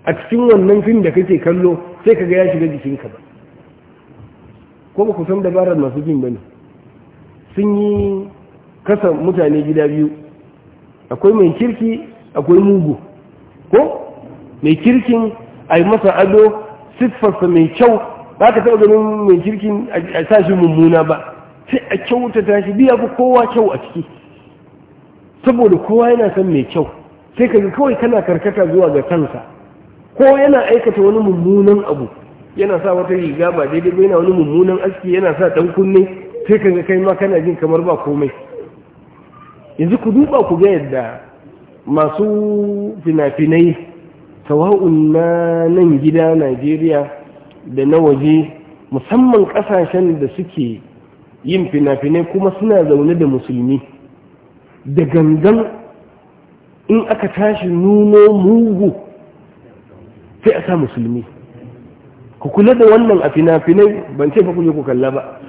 a cikin wannan fim da kake kallo sai kaga ya shiga jikinka ba ko ba ku san dabarar masu jin ba sun yi kasa mutane gida biyu akwai mai kirki akwai mugu ko mai kirkin a yi masa ado siffarsa mai kyau ba ka taɓa ganin mai kirkin a sa shi mummuna ba sai a kyautata shi biya ku kowa kyau a ciki saboda kowa yana son mai kyau sai ka kawai kana karkata zuwa ga kansa ko yana aikata wani mummunan abu yana sa wata riga ba daidai ba yana wani mummunan aski yana sa ɗan kunne sai ka ga kai ma kana jin kamar ba komai yanzu ku duba ku ga yadda masu fina-finai sawa'un na nan gida najeriya da na waje musamman kasashen da suke yin fina-finai kuma suna zaune da musulmi da gangan in aka tashi nuno mugu sai a sa musulmi ku kula da wannan a fina-finai ban ce fa ku ku kalla ba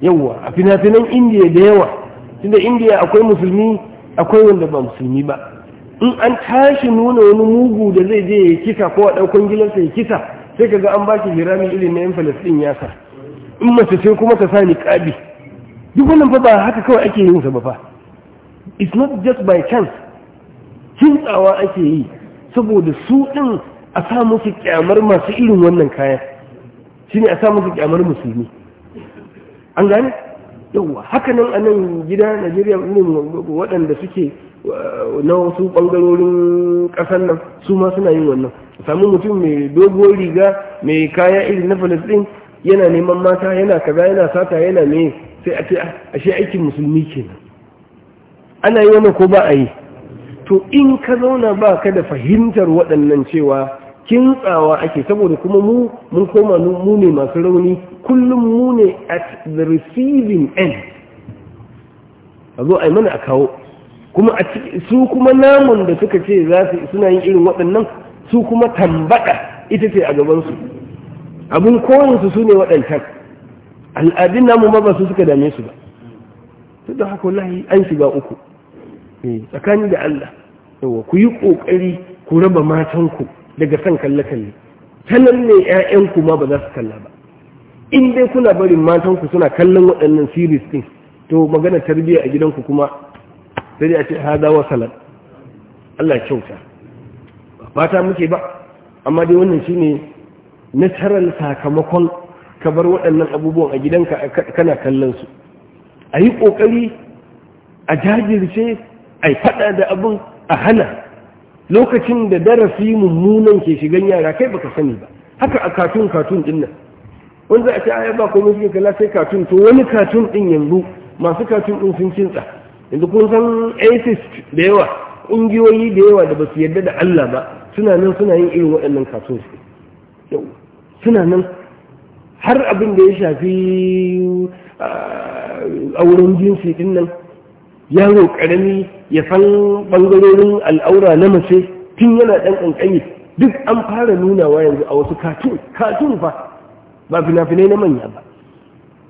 yawwa a fina-finan indiya da yawa tunda indiya akwai musulmi akwai wanda ba musulmi ba in an tashi nuna wani mugu da zai je ya kisa ko a ɗaukon gilansa ya kisa sai ka ga an ba shi hiramin ilin na yan falastin ya sa in mace sai kuma ka sa ƙabi duk wannan fa ba haka kawai ake yin sa ba fa it's not just by chance kintsawa ake yi saboda su ɗin a sa musu kyamar masu irin wannan kayan shine a sa musu kyamar musulmi an gane yawwa hakanan a nan gida najeriya waɗanda suke eh, na wasu ɓangarorin ƙasar nan su ma suna yin wannan sami mutum mai doguwar riga mai kaya iri na falasɗin yana neman mata yana kaza yana sata yana me sai a ce ah, shi aikin musulmi kenan ana yi wani ko ba a yi to in ka zauna ba ka da fahimtar waɗannan cewa kintsawa ake saboda kuma mu mun koma mu ne masu rauni kullum mu ne at the receiving end a zo a yi mana a kawo kuma a su kuma namun da suka ce za su suna yin irin waɗannan su kuma tambaɗa ita ce a gabansu abin kowansu su ne waɗancan al'adun namun ma ba su suka dame su ba Su da haka wallahi an shiga uku eh, tsakani da Allah yawa ku yi ƙoƙari ku raba matanku daga san kalle-kalle ta ne 'ya'yanku ma ba za su kalla ba in dai kuna barin matanku suna kallon waɗannan series ɗin to magana tarbiyya a gidanku kuma sai a ce haza wa salat Allah kyauta ba fata muke ba amma dai wannan shine nasarar sakamakon ka bar waɗannan abubuwan a gidanka kana kallon su a yi ƙoƙari a jajirce a yi faɗa da abin a hana lokacin da darasi mummunan ke shigan yara kai baka sani ba haka a katun katun din nan wanda a ce ai ba komai suke kala sai katun to wani katun din yanzu masu katun din sun kintsa yanzu kun san atheist da yawa ƙungiyoyi da yawa da ba yarda da Allah ba suna nan suna yin irin waɗannan katun suna nan har abin da ya shafi ah, auren jinsi din nan yaro karami ya san bangarorin al'aura na mace tun yana ɗan ƙanƙani duk an fara nuna wa yanzu a wasu katun katun fa ba fina-finai na manya ba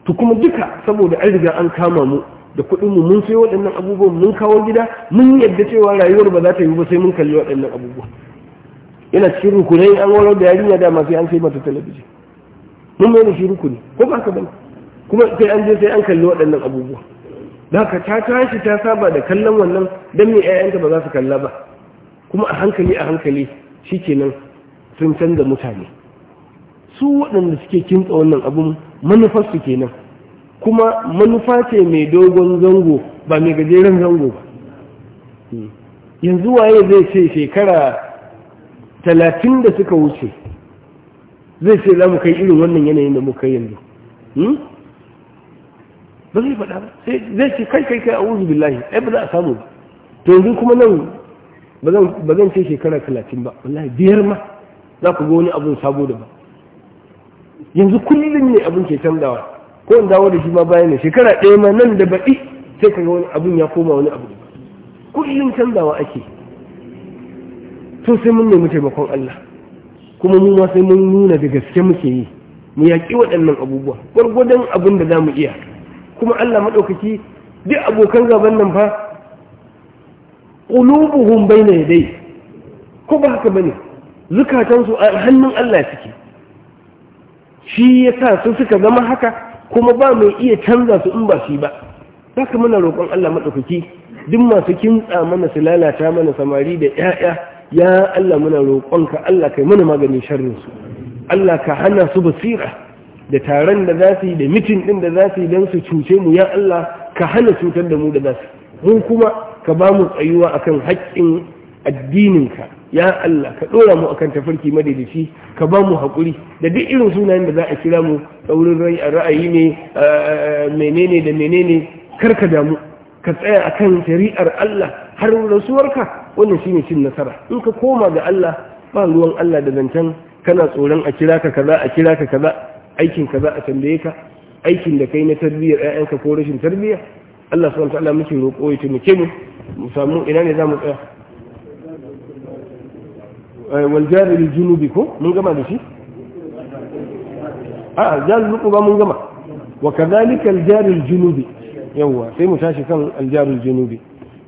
to kuma duka saboda an riga an kama mu da kuɗin mu mun sai waɗannan abubuwan mun kawo gida mun yadda cewa rayuwar ba za ta yi ba sai mun kalli waɗannan abubuwan yana cikin rukunai an waro da yarinya da masu an sai mata talabijin mun mai da shi rukuni ko ba ka bane kuma sai an je sai an kalli waɗannan abubuwan da ta tashi ta saba da kallon wannan don mai 'ya'yanta ba za su kalla ba kuma a hankali a hankali shi kenan sun canza mutane su waɗanda suke kintsa wannan abin manufarsu kenan kuma manufa ce mai dogon zango ba mai gajeren zango ba yanzu waye zai ce shekara talatin da suka wuce zai ce za mu kai irin wannan yanayin da muka yanzu hmm? ba zai faɗa ba sai zai ce kai kai kai a wuzu billahi ai ba za a samu ba to yanzu kuma nan ba zan ce shekara talatin ba wallahi biyar ma za ku ga wani abun sabo da ba yanzu kullum ne abun ke canzawa ko in dawo da shi ma bayan ne shekara ɗaya ma nan da baɗi sai ka ga wani abun ya koma wani abu kullum canzawa ake to sai mun nemi taimakon Allah kuma mu ma sai mun nuna da gaske muke yi mu yaƙi waɗannan abubuwa gwargwadon abin da za mu iya kuma Allah maɗaukaki duk abokan gaban nan fa ƙulubuhun bai na yadai ko ba haka ba ne zukatansu a hannun Allah suke shi ya sa su suka zama haka kuma ba mai iya canza su in ba shi ba ta ka mana roƙon Allah maɗaukaki duk masu kintsa mana su lalata mana samari da 'ya'ya ya Allah muna roƙonka Allah kai mana maganin sharrinsu Allah ka hana su basira da taron da za su yi da mitin ɗin da za su yi don su cuce mu ya Allah ka hana cutar da mu da za su Mun kuma ka ba mu tsayuwa akan haƙƙin addininka ya Allah ka ɗora mu akan tafarki madadici ka ba mu haƙuri da duk irin sunayen da za a kira mu saurin ra'ayi ne menene da menene kar ka damu ka tsaya akan shari'ar Allah har rasuwarka wannan shine cin nasara in ka koma ga Allah ba ruwan Allah da zancen kana tsoron a kira ka kaza a kira ka kaza aikin ka za a tambaye ka aikin da kai na tarbiyyar ƴaƴanka ko rashin tarbiyya Allah subhanahu wa ta'ala muke roƙo ya taimake mu mu samu ina ne zamu mu tsaya wal jari lil junubi ko mun gama da shi a jari luku ba mun gama wa kadhalika al jari lil junubi yawa sai mu tashi kan al jari lil junubi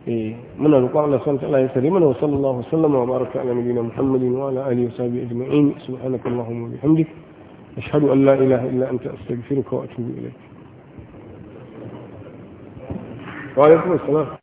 eh muna roƙon Allah subhanahu wa ta'ala ya sare mana wa sallallahu alaihi wa sallam wa baraka ala nabiyyina muhammadin wa ala alihi wa sahbihi ajma'in subhanakallahumma wa bihamdika أشهد أن لا إله إلا أنت أستغفرك وأتوب إليك وعليكم السلام